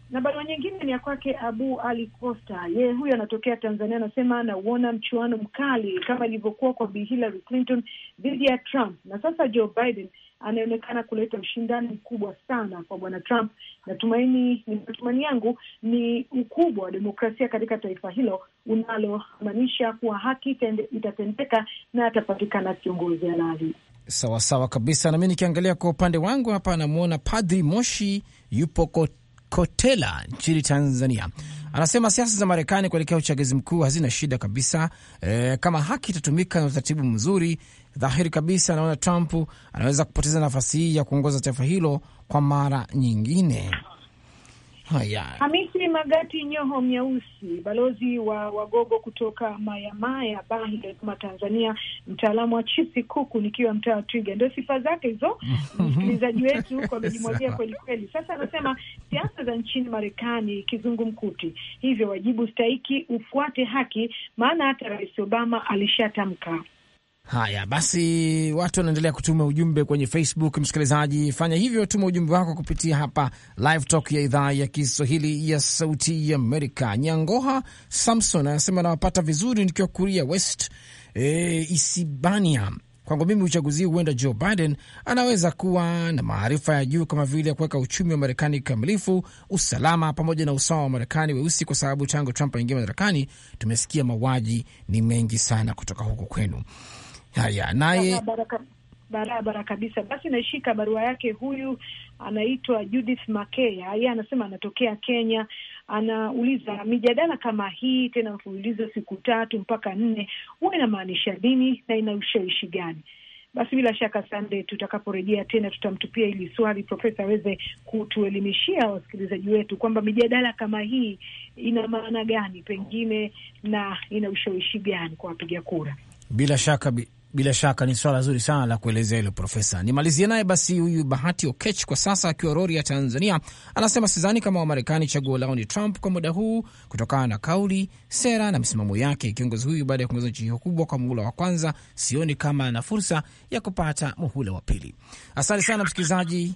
na barua nyingine ni ya kwake Abu Ali Costa, yeye huyu anatokea Tanzania, anasema anauona mchuano mkali kama ilivyokuwa kwa Bi Hillary Clinton dhidi ya Trump, na sasa Joe Biden anaonekana kuleta ushindani mkubwa sana kwa bwana Trump. Natumaini, ni matumaini yangu ni ukubwa wa demokrasia katika taifa hilo unalomaanisha kuwa haki itatendeka na atapatikana kiongozi halali. Sawasawa kabisa. na mi nikiangalia kwa upande wangu hapa, anamwona Padri Moshi yupo kote Kotela nchini Tanzania anasema siasa za Marekani kuelekea uchaguzi mkuu hazina shida kabisa. E, kama haki itatumika na utaratibu mzuri, dhahiri kabisa anaona Trump anaweza kupoteza nafasi hii ya kuongoza taifa hilo kwa mara nyingine. Haya. Hamisi Magati Nyoho Myeusi, balozi wa Wagogo kutoka Mayamaya Bahi, Dar Tanzania, mtaalamu wa chipsi kuku, nikiwa mtaa wa Twiga. Ndio sifa zake hizo, msikilizaji wetu huko amejimwagia kweli kweli. Sasa anasema siasa za nchini Marekani kizungumkuti, hivyo wajibu stahiki ufuate haki, maana hata Rais Obama alishatamka Haya basi, watu wanaendelea kutuma ujumbe kwenye Facebook. Msikilizaji, fanya hivyo, tuma ujumbe wako kupitia hapa Live Talk ya idhaa ya Kiswahili ya Sauti ya Amerika. Nyangoha Samson anasema anawapata vizuri nikiwa Kuria West e, Isibania. Kwangu mimi uchaguzi huenda Joe Biden anaweza kuwa na maarifa ya juu kama vile kuweka uchumi wa Marekani kikamilifu, usalama pamoja na usawa wa Marekani weusi, kwa sababu tangu Trump aingia madarakani tumesikia mauaji ni mengi sana kutoka huko kwenu. Haya, naye barabara kabisa. Basi naishika barua yake, huyu anaitwa Judith makea yeye anasema anatokea Kenya. Anauliza, mijadala kama hii tena mfululizo siku tatu mpaka nne huwa inamaanisha nini na ina ushawishi gani? Basi bila shaka Sande, tutakaporejea tena tutamtupia hili swali profesa aweze kutuelimishia wasikilizaji wetu kwamba mijadala kama hii ina maana gani pengine na ina ushawishi gani kwa wapiga kura. Bila shaka bila shaka ni swala zuri sana la kuelezea hilo Profesa. Nimalizie naye basi huyu Bahati Okech kwa sasa akiwa Rori ya Tanzania, anasema sidhani kama Wamarekani chaguo lao ni Trump kwa muda huu kutokana na kauli, sera na misimamo yake. Kiongozi huyu baada ya kuongoza nchi hiyo kubwa kwa muhula wa kwanza, sioni kama ana fursa ya kupata muhula wa pili. Asante sana msikilizaji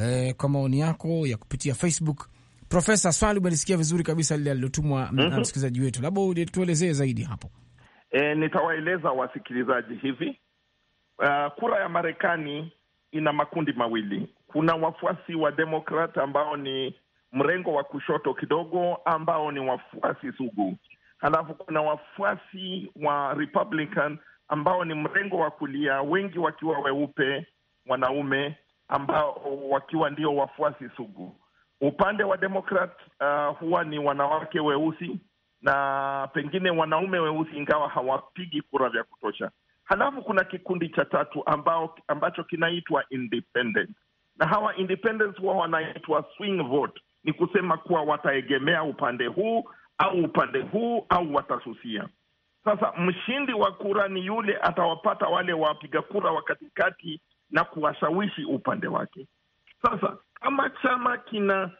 eh, kwa maoni yako ya kupitia Facebook. Profesa, swali umelisikia vizuri kabisa lile alilotumwa na mhm. msikilizaji wetu, labda tuelezee zaidi hapo. E, nitawaeleza wasikilizaji hivi. Uh, kura ya Marekani ina makundi mawili. Kuna wafuasi wa Demokrat ambao ni mrengo wa kushoto kidogo, ambao ni wafuasi sugu, halafu kuna wafuasi wa Republican ambao ni mrengo wa kulia, wengi wakiwa weupe wanaume, ambao wakiwa ndio wafuasi sugu. Upande wa Demokrat uh, eh, huwa ni wanawake weusi na pengine wanaume weusi, ingawa hawapigi kura vya kutosha. Halafu kuna kikundi cha tatu ambao, ambacho kinaitwa independent, na hawa huwa wanaitwa swing vote. Ni kusema kuwa wataegemea upande huu au upande huu au watasusia. Sasa mshindi wa kura ni yule atawapata wale wapiga kura wa katikati na kuwashawishi upande wake. Sasa kama chama kina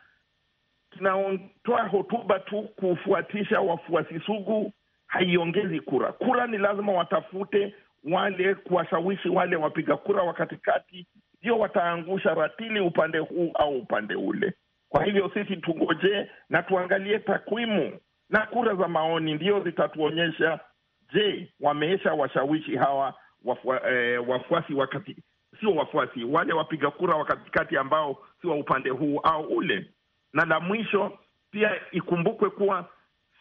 inaotoa hotuba tu kufuatisha wafuasi sugu haiongezi kura. Kura ni lazima watafute wale kuwashawishi wale wapiga kura wa katikati, ndio wataangusha ratili upande huu au upande ule. Kwa hivyo sisi tungoje na tuangalie takwimu na kura za maoni, ndio zitatuonyesha je, wameesha washawishi hawa wafua, eh, wafuasi wakati sio wafuasi wale wapiga kura wa katikati ambao si wa upande huu au ule. Na la mwisho pia ikumbukwe kuwa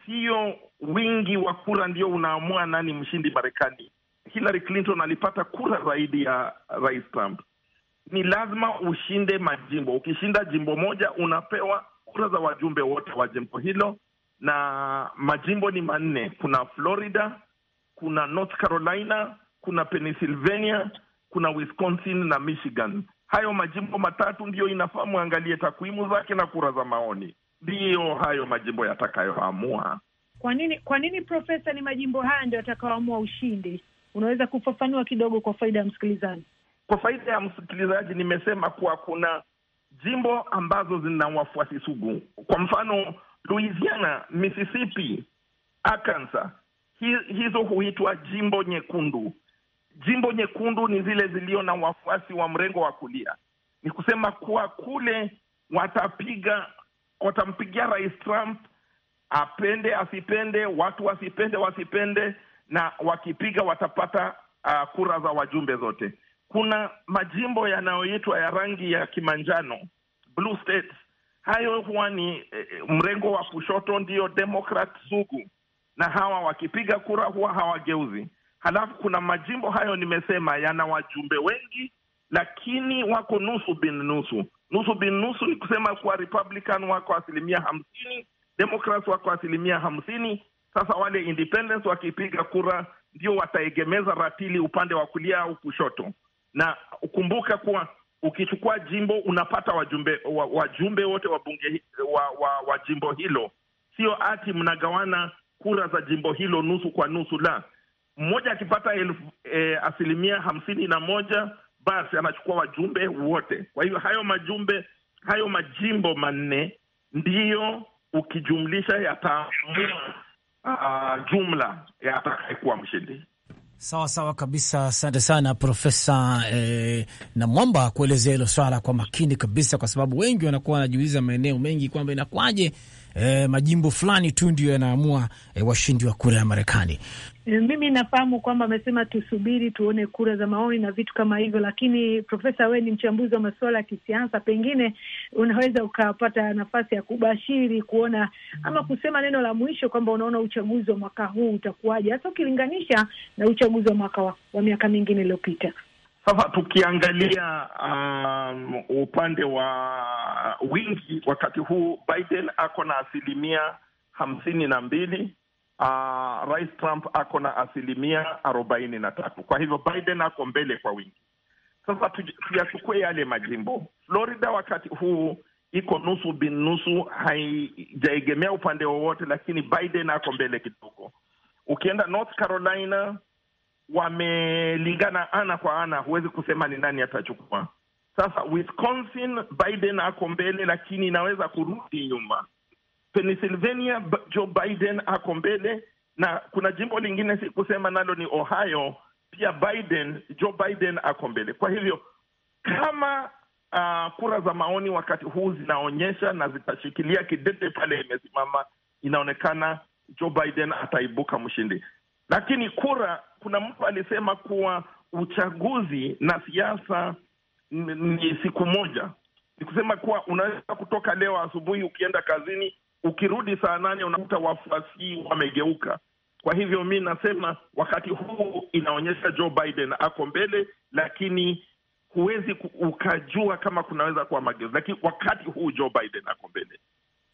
sio wingi wa kura ndio unaamua nani mshindi Marekani. Hillary Clinton alipata kura zaidi ya Rais Trump. Ni lazima ushinde majimbo. Ukishinda jimbo moja, unapewa kura za wajumbe wote wa jimbo hilo, na majimbo ni manne: kuna Florida, kuna North Carolina, kuna Pennsylvania, kuna Wisconsin na Michigan. Hayo majimbo matatu ndiyo inafaa mwangalie takwimu zake na kura za maoni, ndiyo hayo majimbo yatakayoamua. Kwa nini, kwa nini Profesa, ni majimbo haya ndio yatakayoamua ushindi? Unaweza kufafanua kidogo kwa faida ya msikilizaji? Kwa faida ya msikilizaji, nimesema kuwa kuna jimbo ambazo zina wafuasi sugu, kwa mfano Louisiana, Mississippi, Arkansas. Hizo huitwa jimbo nyekundu. Jimbo nyekundu ni zile zilio na wafuasi wa mrengo wa kulia. Ni kusema kuwa kule watapiga, watampigia Rais Trump apende asipende, watu wasipende wasipende, na wakipiga watapata uh, kura za wajumbe zote. Kuna majimbo yanayoitwa ya rangi ya kimanjano, blue states. Hayo huwa ni eh, mrengo wa kushoto, ndiyo demokrat sugu, na hawa wakipiga kura huwa hawageuzi Halafu kuna majimbo hayo nimesema yana wajumbe wengi, lakini wako nusu bin nusu. Nusu bin nusu ni kusema kuwa Republican wako asilimia hamsini, Democrats wako asilimia hamsini. Sasa wale independents wakipiga kura ndio wataegemeza ratili upande wa kulia au kushoto, na ukumbuka kuwa ukichukua jimbo unapata wajumbe wajumbe wote wa bunge wa, wa, wa jimbo hilo, sio ati mnagawana kura za jimbo hilo nusu kwa nusu, la mmoja akipata elfu, e, asilimia hamsini na moja basi anachukua wajumbe wote. Kwa hiyo hayo majumbe hayo majimbo manne ndiyo ukijumlisha yataamua jumla yatakaekuwa mshindi. Sawa sawa kabisa, asante sana Profesa eh, Namwamba kuelezea hilo swala kwa makini kabisa, kwa sababu wengi wanakuwa wanajiuliza maeneo mengi kwamba inakuwaje eh, majimbo fulani tu ndio yanaamua eh, washindi wa kura ya Marekani. Eh, mimi nafahamu kwamba amesema tusubiri tuone kura za maoni na vitu kama hivyo, lakini Profesa, wewe ni mchambuzi wa masuala ya kisiasa, pengine unaweza ukapata nafasi ya kubashiri kuona ama kusema neno la mwisho kwamba unaona uchaguzi wa mwaka huu utakuwaje, hasa ukilinganisha na uchaguzi wa mwaka wa, wa miaka mingine iliyopita. Sasa tukiangalia um, upande wa wingi, wakati huu Biden ako na asilimia hamsini na mbili uh, Rais Trump ako na asilimia arobaini na tatu. Kwa hivyo Biden ako mbele kwa wingi. Sasa tuyachukue yale majimbo. Florida wakati huu iko nusu binusu, haijaegemea upande wowote, lakini Biden ako mbele kidogo. Ukienda North Carolina wamelingana ana kwa ana, huwezi kusema ni nani atachukua. Sasa Wisconsin, Biden ako mbele, lakini inaweza kurudi nyuma. Pennsylvania, Joe Biden ako mbele, na kuna jimbo lingine si kusema nalo ni Ohio, pia Biden, Joe Biden ako mbele. Kwa hivyo kama uh, kura za maoni wakati huu zinaonyesha na zitashikilia kidete pale imesimama, inaonekana Joe Biden ataibuka mshindi, lakini kura, kuna mtu alisema kuwa uchaguzi na siasa ni siku moja, ni kusema kuwa unaweza kutoka leo asubuhi ukienda kazini ukirudi saa nane unakuta wafuasi wamegeuka. Kwa hivyo mi nasema wakati huu inaonyesha Joe Biden ako mbele, lakini huwezi ukajua kama kunaweza kuwa mageuzi, lakini wakati huu Joe Biden ako mbele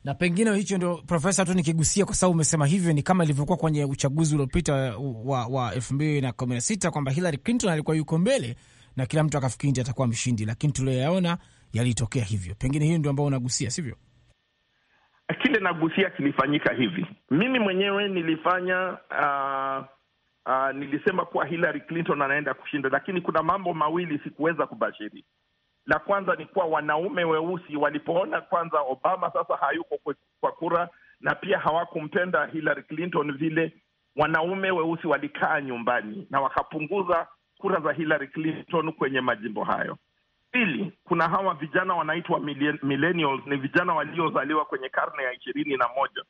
na pengine hicho ndio Profesa tu nikigusia, kwa sababu umesema hivyo, ni kama ilivyokuwa kwenye uchaguzi uliopita uh, wa wa elfu mbili na kumi na sita kwamba Hillary Clinton alikuwa yuko mbele na kila mtu akafikiri ndiye atakuwa mshindi, lakini tuliyoyaona yalitokea hivyo. Pengine hiyo ndio ambao unagusia, sivyo? kile nagusia kilifanyika hivi. Mimi mwenyewe nilifanya uh, uh, nilisema kuwa Hillary Clinton anaenda kushinda, lakini kuna mambo mawili sikuweza kubashiri. La kwanza ni kuwa wanaume weusi walipoona kwanza Obama sasa hayuko kwa kura na pia hawakumpenda Hillary Clinton vile, wanaume weusi walikaa nyumbani na wakapunguza kura za Hillary Clinton kwenye majimbo hayo. Pili, kuna hawa vijana wanaitwa millennials, ni vijana waliozaliwa kwenye karne ya ishirini na moja.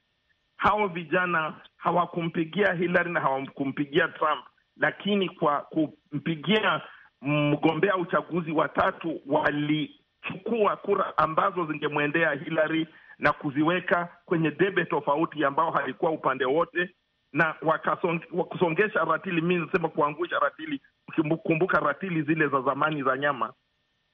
Hao vijana hawakumpigia Hillary na hawakumpigia Trump, lakini kwa kumpigia mgombea uchaguzi watatu walichukua kura ambazo zingemwendea Hillary na kuziweka kwenye debe tofauti ambao halikuwa upande wote, na wakusongesha ratili. Mi nasema kuangusha ratili, ukikumbuka ratili zile za zamani za nyama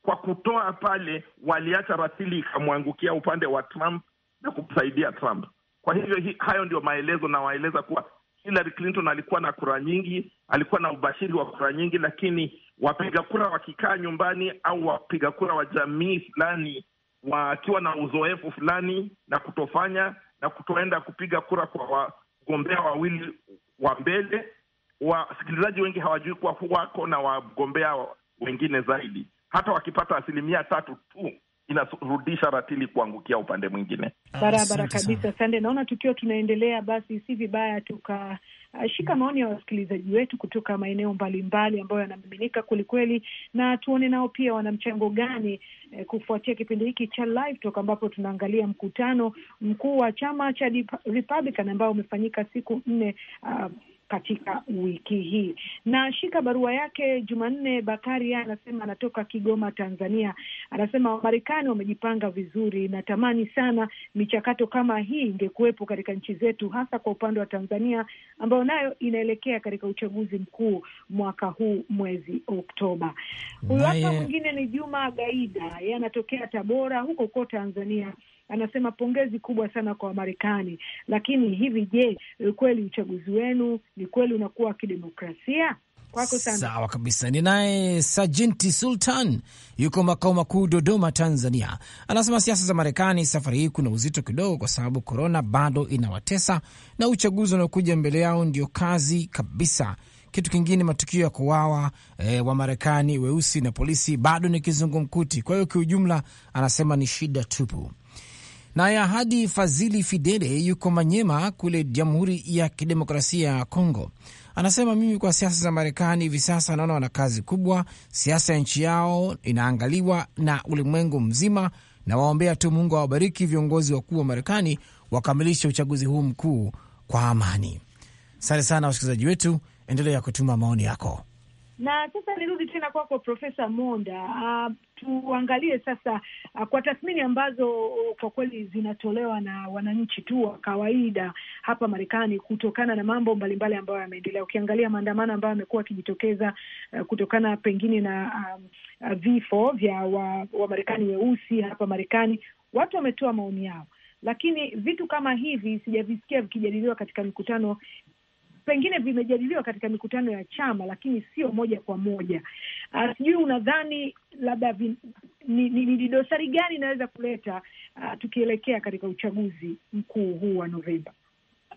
kwa kutoa pale, waliacha rasili ikamwangukia upande wa Trump na kumsaidia Trump. Kwa hivyo hi, hayo ndio maelezo nawaeleza kuwa Hillary Clinton alikuwa na kura nyingi, alikuwa na ubashiri wa kura nyingi, lakini wapiga kura wakikaa nyumbani au wapiga kura wa jamii fulani wakiwa na uzoefu fulani na kutofanya na kutoenda kupiga kura kwa wagombea wawili wa mbele, wasikilizaji wengi hawajui kuwa wako na wagombea wengine zaidi hata wakipata asilimia tatu tu inarudisha ratili kuangukia upande mwingine. Ah, Barabara kabisa, sande. Naona tukiwa tunaendelea, basi si vibaya tuka shika maoni ya wasikilizaji wetu kutoka maeneo mbalimbali ambayo yanamiminika kwelikweli, na tuone nao pia wana mchango gani eh, kufuatia kipindi hiki cha Live Talk ambapo tunaangalia mkutano mkuu wa chama cha Republican ambao umefanyika siku nne uh, katika wiki hii. Na shika barua yake Jumanne Bakari anasema anatoka Kigoma, Tanzania. Anasema Wamarekani wamejipanga vizuri, natamani sana michakato kama hii ingekuwepo katika nchi zetu, hasa kwa upande wa Tanzania ambayo nayo inaelekea katika uchaguzi mkuu mwaka huu mwezi Oktoba. Huyu hapa mwingine ni Juma Gaida, yeye anatokea Tabora huko huko Tanzania anasema pongezi kubwa sana kwa Wamarekani, lakini hivi je, eh, kweli uchaguzi wenu ni kweli unakuwa kidemokrasia? Kwako sana. Sawa kabisa. Ni naye Sajinti Sultan yuko makao makuu Dodoma, Tanzania, anasema siasa za Marekani safari hii kuna uzito kidogo, kwa sababu korona bado inawatesa na uchaguzi unaokuja mbele yao ndio kazi kabisa. Kitu kingine, matukio ya kuwawa e, wa Marekani weusi na polisi bado ni kizungumkuti. Kwa hiyo kiujumla, anasema ni shida tupu. Naye Ahadi Fazili Fidele yuko Manyema kule Jamhuri ya Kidemokrasia ya Kongo, anasema mimi kwa siasa za Marekani hivi sasa naona wana kazi kubwa. Siasa ya nchi yao inaangaliwa na ulimwengu mzima, na waombea tu Mungu awabariki viongozi wakuu wa Marekani wakamilishe uchaguzi huu mkuu kwa amani. Asante sana wasikilizaji wetu, endelea kutuma maoni yako. Na sasa nirudi tena kwako Profesa Monda. Uh, tuangalie sasa uh, kwa tathmini ambazo oh, kwa kweli zinatolewa na wananchi tu wa kawaida hapa Marekani kutokana na mambo mbalimbali ambayo yameendelea, ukiangalia maandamano ambayo yamekuwa yakijitokeza uh, kutokana pengine na um, ah, vifo vya Wamarekani wa weusi hapa Marekani, watu wametoa maoni yao lakini vitu kama hivi sijavisikia vikijadiliwa katika mikutano pengine vimejadiliwa katika mikutano ya chama, lakini sio moja kwa moja. Ah, sijui unadhani labda ni, ni, ni, ni dosari gani inaweza kuleta uh, tukielekea katika uchaguzi mkuu huu wa Novemba?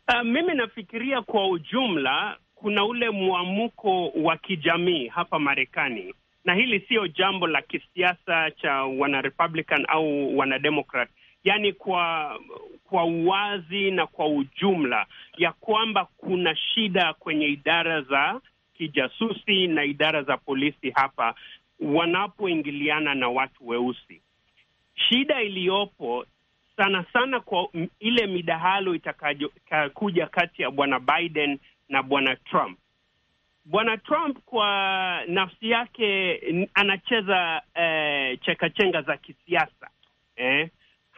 Uh, mimi nafikiria kwa ujumla kuna ule mwamuko wa kijamii hapa Marekani, na hili sio jambo la kisiasa cha wana Republican au wana Democrat. Yaani, kwa kwa uwazi na kwa ujumla ya kwamba kuna shida kwenye idara za kijasusi na idara za polisi hapa wanapoingiliana na watu weusi. Shida iliyopo sana sana kwa ile midahalo itakayokuja kati ya bwana Biden na bwana Trump. Bwana Trump kwa nafsi yake anacheza eh, chekachenga za kisiasa eh?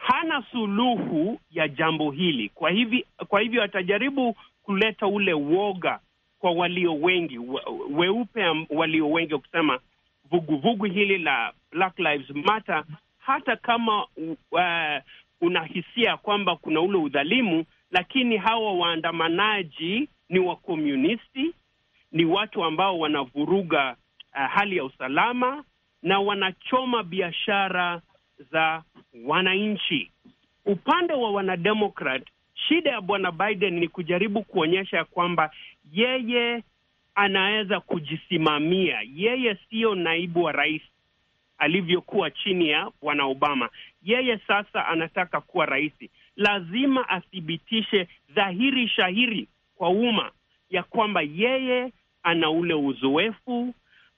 hana suluhu ya jambo hili. Kwa hivi, kwa hivyo atajaribu kuleta ule woga kwa walio wengi weupe walio wengi kusema vuguvugu vugu hili la Black Lives Matter, hata kama uh, unahisia kwamba kuna ule udhalimu, lakini hawa waandamanaji ni wakomunisti, ni watu ambao wanavuruga uh, hali ya usalama na wanachoma biashara za wananchi. Upande wa wanademokrat, shida ya bwana Biden ni kujaribu kuonyesha ya kwamba yeye anaweza kujisimamia, yeye siyo naibu wa rais alivyokuwa chini ya bwana Obama. Yeye sasa anataka kuwa rais, lazima athibitishe dhahiri shahiri kwa umma ya kwamba yeye ana ule uzoefu,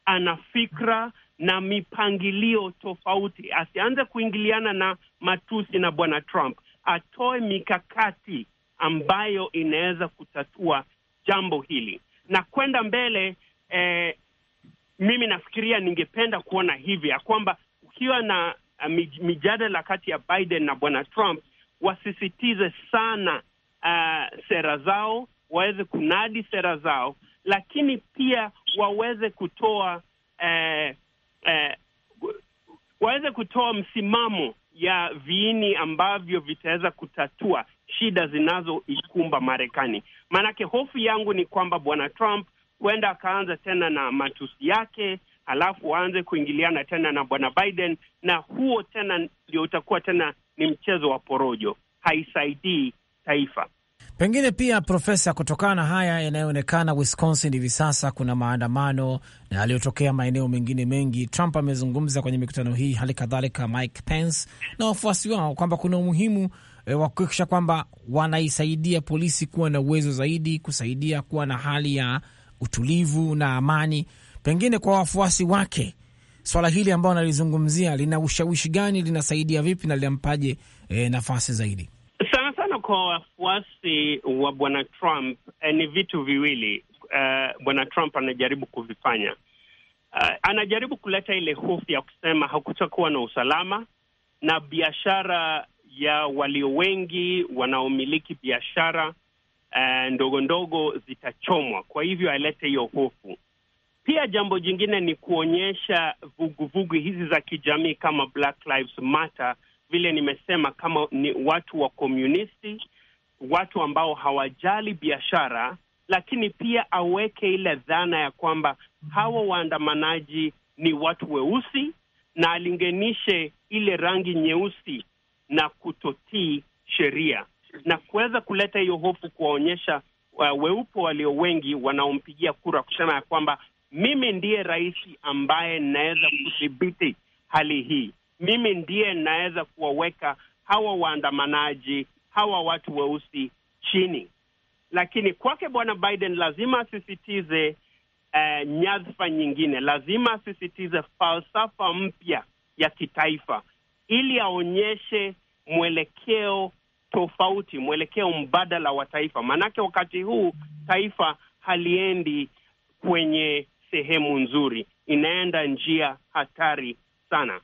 ana fikra na mipangilio tofauti, asianze kuingiliana na matusi na bwana Trump, atoe mikakati ambayo inaweza kutatua jambo hili na kwenda mbele. Eh, mimi nafikiria ningependa kuona hivi ya kwamba ukiwa na uh, mijadala kati ya Biden na bwana Trump wasisitize sana uh, sera zao, waweze kunadi sera zao, lakini pia waweze kutoa eh, eh, waweze kutoa msimamo ya viini ambavyo vitaweza kutatua shida zinazoikumba Marekani. Maanake hofu yangu ni kwamba bwana Trump huenda akaanza tena na matusi yake, halafu aanze kuingiliana tena na bwana Biden, na huo tena ndio utakuwa tena ni mchezo wa porojo, haisaidii taifa. Pengine pia Profesa, kutokana na haya yanayoonekana Wisconsin hivi sasa, kuna maandamano na yaliyotokea maeneo mengine mengi. Trump amezungumza kwenye mikutano hii, hali kadhalika Mike Pence na wafuasi wao kwamba kuna umuhimu e, wa kuhakikisha kwamba wanaisaidia polisi kuwa na uwezo zaidi, kusaidia kuwa na hali ya utulivu na amani. Pengine kwa wafuasi wake swala hili ambao analizungumzia lina ushawishi gani, linasaidia vipi na linampaje e, nafasi zaidi? kwa wafuasi wa bwana Trump eh, ni vitu viwili eh, bwana Trump anajaribu kuvifanya. Uh, anajaribu kuleta ile hofu ya kusema hakutakuwa na usalama na biashara ya walio wengi wanaomiliki biashara uh, ndogo ndogo zitachomwa. Kwa hivyo alete hiyo hofu. Pia jambo jingine ni kuonyesha vuguvugu vugu hizi za kijamii kama Black Lives Matter vile nimesema, kama ni watu wa komunisti, watu ambao hawajali biashara, lakini pia aweke ile dhana ya kwamba hawa waandamanaji ni watu weusi, na alinganishe ile rangi nyeusi na kutotii sheria na kuweza kuleta hiyo hofu, kuwaonyesha uh, weupe walio wengi wanaompigia kura, kusema ya kwamba mimi ndiye rais ambaye naweza kudhibiti hali hii mimi ndiye naweza kuwaweka hawa waandamanaji, hawa watu weusi chini. Lakini kwake Bwana Biden lazima asisitize eh, nyadhfa nyingine, lazima asisitize falsafa mpya ya kitaifa ili aonyeshe mwelekeo tofauti, mwelekeo mbadala wa taifa. Maanake wakati huu taifa haliendi kwenye sehemu nzuri, inaenda njia hatari sana.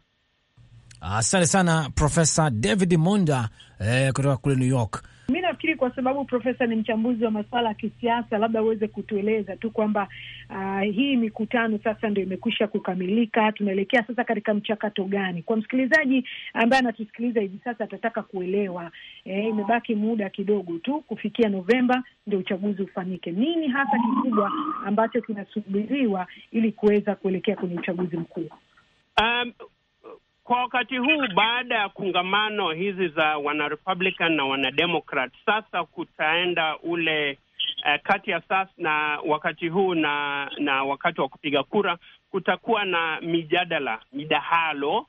Asante sana Profesa David Monda eh, kutoka kule New York. Mi nafikiri kwa sababu profesa ni mchambuzi wa masuala ya kisiasa, labda uweze kutueleza tu kwamba uh, hii mikutano sasa ndio imekwisha kukamilika, tunaelekea sasa katika mchakato gani? Kwa msikilizaji ambaye anatusikiliza hivi sasa atataka kuelewa eh, imebaki muda kidogo tu kufikia Novemba ndio uchaguzi ufanyike. Nini hasa kikubwa ambacho kinasubiriwa ili kuweza kuelekea kwenye uchaguzi mkuu? Um, kwa wakati huu baada ya kongamano hizi za wanarepublican na wanademokrat, sasa kutaenda ule uh, kati ya sasa na wakati huu na na wakati wa kupiga kura, kutakuwa na mijadala, midahalo uh,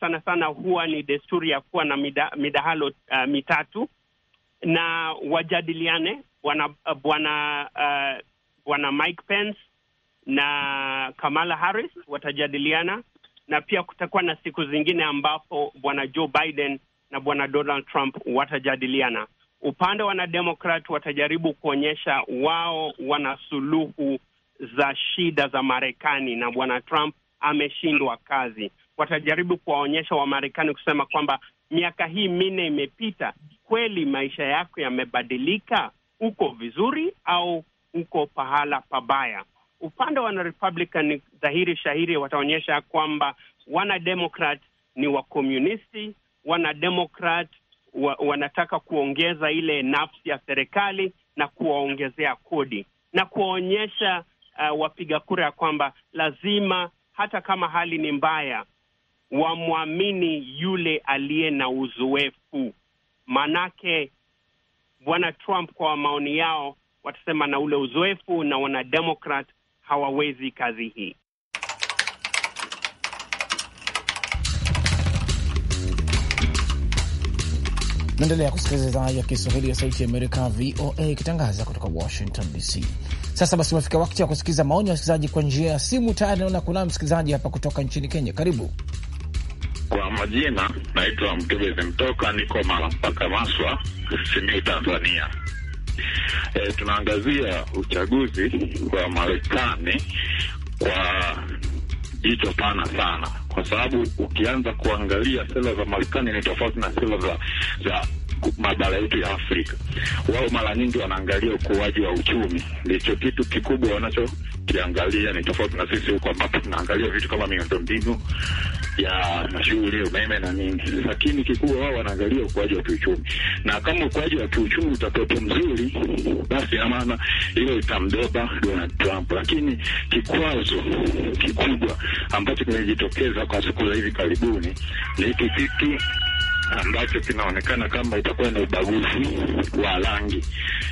sana sana huwa ni desturi ya kuwa na mida, midahalo uh, mitatu na wajadiliane bwana bwana uh, bwana Mike Pence na Kamala Harris watajadiliana na pia kutakuwa na siku zingine ambapo bwana Joe Biden na bwana Donald Trump watajadiliana. Upande wa wanademokrat watajaribu kuonyesha wao wana suluhu za shida za Marekani na bwana Trump ameshindwa kazi. Watajaribu kuwaonyesha Wamarekani kusema kwamba miaka hii minne imepita, kweli maisha yako yamebadilika, uko vizuri au uko pahala pabaya? upande wa wanarepublican ni dhahiri shahiri wataonyesha kwamba wanademokrat ni wakomunisti, wanademokrat wa, wanataka kuongeza ile nafsi ya serikali na kuwaongezea kodi na kuwaonyesha uh, wapiga kura ya kwamba lazima hata kama hali ni mbaya wamwamini yule aliye na uzoefu. Maanake bwana Trump, kwa maoni yao, watasema na ule uzoefu, na wanademokrat hawawezi kazi hii. Naendelea kusikiliza idhaa ya Kiswahili ya Sauti ya Amerika, VOA, ikitangaza kutoka Washington DC. Sasa basi, umefika wakati wa kusikiliza maoni ya wasikilizaji kwa njia ya simu. Tayari naona kunayo msikilizaji hapa kutoka nchini Kenya. Karibu. Kwa majina naitwa mkebezi Mtoka, niko Mara Maswa Simiyu, Tanzania e, tunaangazia uchaguzi wa Marekani kwa jicho pana sana, kwa sababu ukianza kuangalia sera za Marekani ni tofauti na sera za, za mabara yetu ya Afrika. Wao mara nyingi wanaangalia ukuaji wa uchumi, ndicho kitu kikubwa wanacho ukiangalia ni tofauti na sisi huko ambapo tunaangalia vitu kama miundombinu ya shughuli, umeme na nini, lakini kikubwa wao wanaangalia ukuaji wa kiuchumi, na kama ukuaji wa kiuchumi utakuwepo mzuri, basi ina maana hilo itambeba Donald Trump. Lakini kikwazo kikubwa ambacho kimejitokeza kwa siku za hivi karibuni ni hiki kitu ambacho kinaonekana kama itakuwa na ubaguzi wa rangi.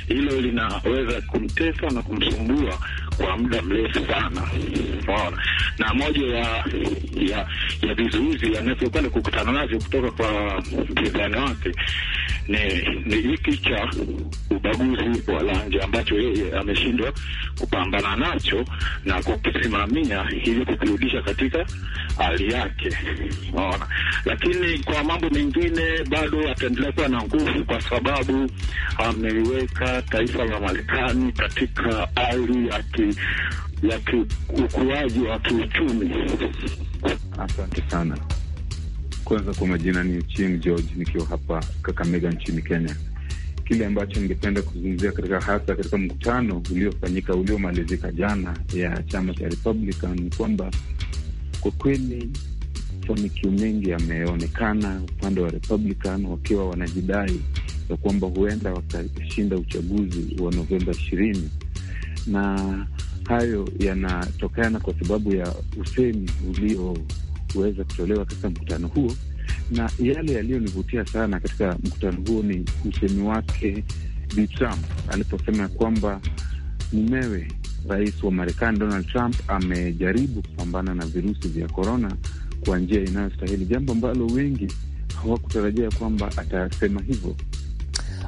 Hilo linaweza kumtesa na kumsumbua kwa muda mrefu sana, unaona. Na moja ya ya, ya vizuizi anavyokwenda kukutana navyo kutoka kwa mpinzani wake ni hiki cha ubaguzi wa rangi ambacho yeye ameshindwa kupambana nacho na kukisimamia ili kukirudisha katika hali yake, unaona. Lakini kwa mambo mengine bado ataendelea kuwa na nguvu, kwa sababu ameliweka taifa la Marekani katika hali ya ukuaji wa kiuchumi. Asante sana. Kwanza kwa majina ni Chin George, nikiwa hapa Kakamega nchini Kenya. Kile ambacho ningependa kuzungumzia katika hasa katika mkutano uliofanyika uliomalizika jana ya chama cha Republican ni kwamba kwa kweli mafanikio mengi yameonekana upande wa Republican wakiwa wanajidai ya kwamba huenda wakashinda uchaguzi wa Novemba ishirini, na hayo yanatokana kwa sababu ya usemi ulio kuweza kutolewa katika mkutano huo, na yale yaliyonivutia sana katika mkutano huo ni msemi wake Bi Trump aliposema ya kwamba mumewe rais wa Marekani Donald Trump amejaribu kupambana na virusi vya korona kwa njia inayostahili, jambo ambalo wengi hawakutarajia kwamba atasema hivyo.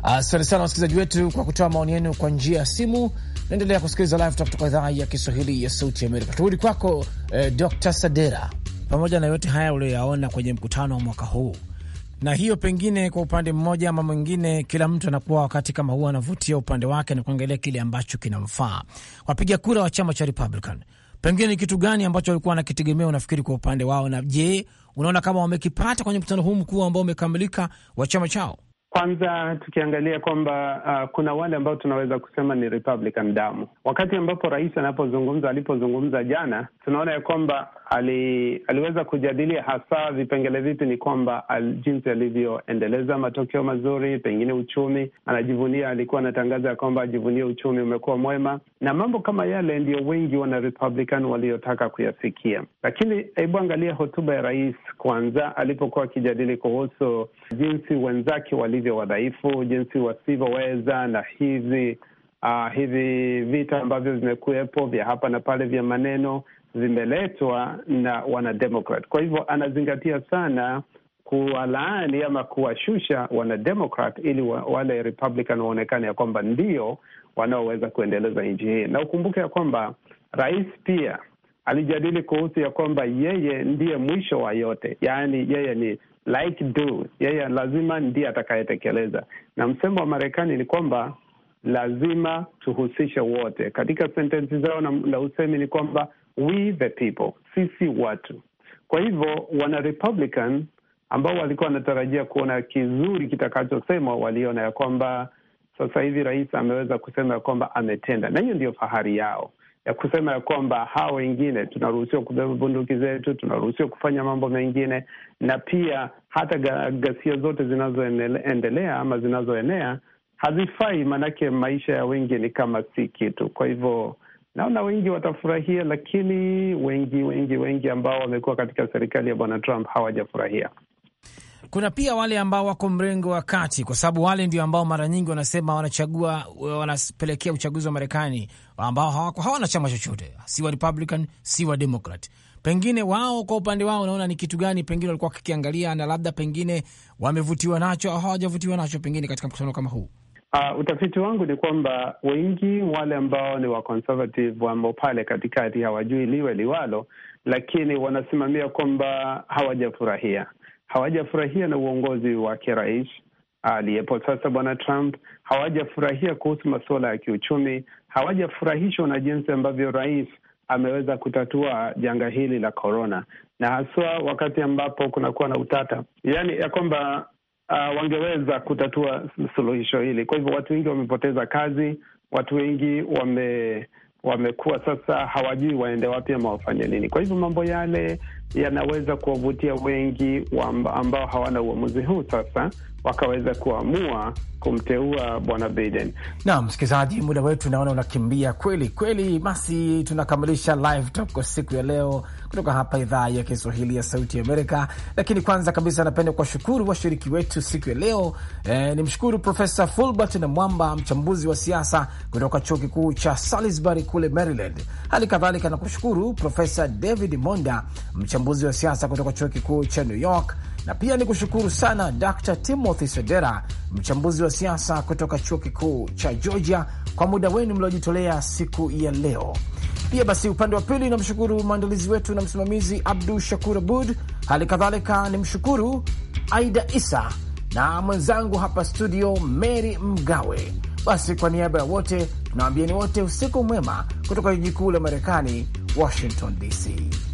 Asante sana wasikilizaji wetu kwa kutoa maoni yenu kwa njia ya simu. Naendelea kusikiliza Live kutoka idhaa ya Kiswahili ya Sauti ya Amerika. Turudi kwako eh, Dr Sadera pamoja na yote haya ulioyaona kwenye mkutano wa mwaka huu, na hiyo pengine kwa upande mmoja ama mwingine, kila mtu anakuwa wakati kama huu anavutia upande wake na kuangalia kile ambacho kinamfaa. Wapiga kura wa chama cha Republican pengine ni kitu gani ambacho walikuwa wanakitegemea, unafikiri kwa upande wao? Na je, unaona kama wamekipata kwenye mkutano huu mkuu ambao umekamilika wa chama chao? Kwanza tukiangalia kwamba uh, kuna wale ambao tunaweza kusema ni Republican damu, wakati ambapo rais anapozungumza, alipozungumza jana, tunaona ya kwamba ali, aliweza kujadilia hasa vipengele vipi, ni kwamba al, jinsi alivyoendeleza matokeo mazuri, pengine uchumi, anajivunia, alikuwa anatangaza ya kwamba ajivunie uchumi umekuwa mwema na mambo kama yale, ndio wengi wana Republican waliotaka kuyasikia. Lakini hebu angalia hotuba ya rais kwanza, alipokuwa akijadili kuhusu jinsi wenzake wali walivyo wadhaifu, jinsi wasivyoweza na hizi uh, ah, hivi vita ambavyo vimekuwepo vya hapa na pale vya maneno vimeletwa na wanademokrat. Kwa hivyo anazingatia sana kuwalaani ama kuwashusha wanademokrat ili wa, wale republican waonekane ya kwamba ndio wanaoweza kuendeleza nchi hii, na ukumbuke ya kwamba rais pia alijadili kuhusu ya kwamba yeye ndiye mwisho wa yote, yaani yeye ni like do, yeye lazima ndiye atakayetekeleza. Na msemo wa Marekani ni kwamba lazima tuhusishe wote katika sentensi zao, na, na usemi ni kwamba we the people, sisi watu. Kwa hivyo wana Republican ambao walikuwa wanatarajia kuona kizuri kitakachosemwa, waliona ya kwamba sasa hivi rais ameweza kusema ya kwamba ametenda, na hiyo ndio fahari yao ya kusema ya kwamba hawa wengine tunaruhusiwa kubeba bunduki zetu, tunaruhusiwa kufanya mambo mengine, na pia hata ghasia zote zinazoendelea ama zinazoenea hazifai, maanake maisha ya wengi ni kama si kitu. Kwa hivyo naona wengi watafurahia, lakini wengi wengi wengi ambao wamekuwa katika serikali ya bwana Trump hawajafurahia kuna pia wale ambao wako mrengo wa kati, kwa sababu wale ndio ambao mara nyingi wanasema wanachagua, wanapelekea uchaguzi wa Marekani, ambao hawako hawana chama chochote, si wa Republican si wa Democrat. Pengine wao kwa upande wao, unaona ni kitu gani pengine walikuwa wakikiangalia na labda pengine wamevutiwa nacho au hawajavutiwa nacho, pengine katika mkutano kama huu? Uh, utafiti wangu ni kwamba wengi wale ambao ni wa conservative wamo pale katikati, hawajui liwe liwalo, lakini wanasimamia kwamba hawajafurahia hawajafurahia na uongozi wake rais aliyepo sasa Bwana Trump, hawajafurahia kuhusu masuala ya kiuchumi, hawajafurahishwa na jinsi ambavyo rais ameweza kutatua janga hili la korona, na haswa wakati ambapo kunakuwa na utata, yaani ya kwamba uh, wangeweza kutatua suluhisho hili. Kwa hivyo watu wengi wamepoteza kazi, watu wengi wame wamekuwa sasa hawajui waende wapi ama wafanye nini. Kwa hivyo mambo yale yanaweza kuwavutia wengi ambao hawana uamuzi huu sasa wakaweza kuamua kumteua bwana Biden. Naam, msikilizaji, muda wetu naona unakimbia kweli kweli. Basi tunakamilisha live talk kwa siku ya leo kutoka hapa idhaa ya Kiswahili ya Sauti ya Amerika. Lakini kwanza kabisa napenda kuwashukuru washiriki wetu siku ya leo. E, eh, ni mshukuru Profesa Fulbert na Mwamba, mchambuzi wa siasa kutoka chuo kikuu cha Salisbury kule Maryland. Hali kadhalika nakushukuru Profesa David Monda, mchambuzi mchambuzi wa siasa kutoka chuo kikuu cha New York, na pia ni kushukuru sana Dr Timothy Sedera, mchambuzi wa siasa kutoka chuo kikuu cha Georgia, kwa muda wenu mliojitolea siku ya leo. Pia basi, upande wa pili namshukuru mwandalizi wetu na msimamizi Abdu Shakur Abud, hali kadhalika ni mshukuru Aida Isa na mwenzangu hapa studio Mary Mgawe. Basi kwa niaba ya wote tunawaambieni wote usiku mwema kutoka jiji kuu la Marekani, Washington DC.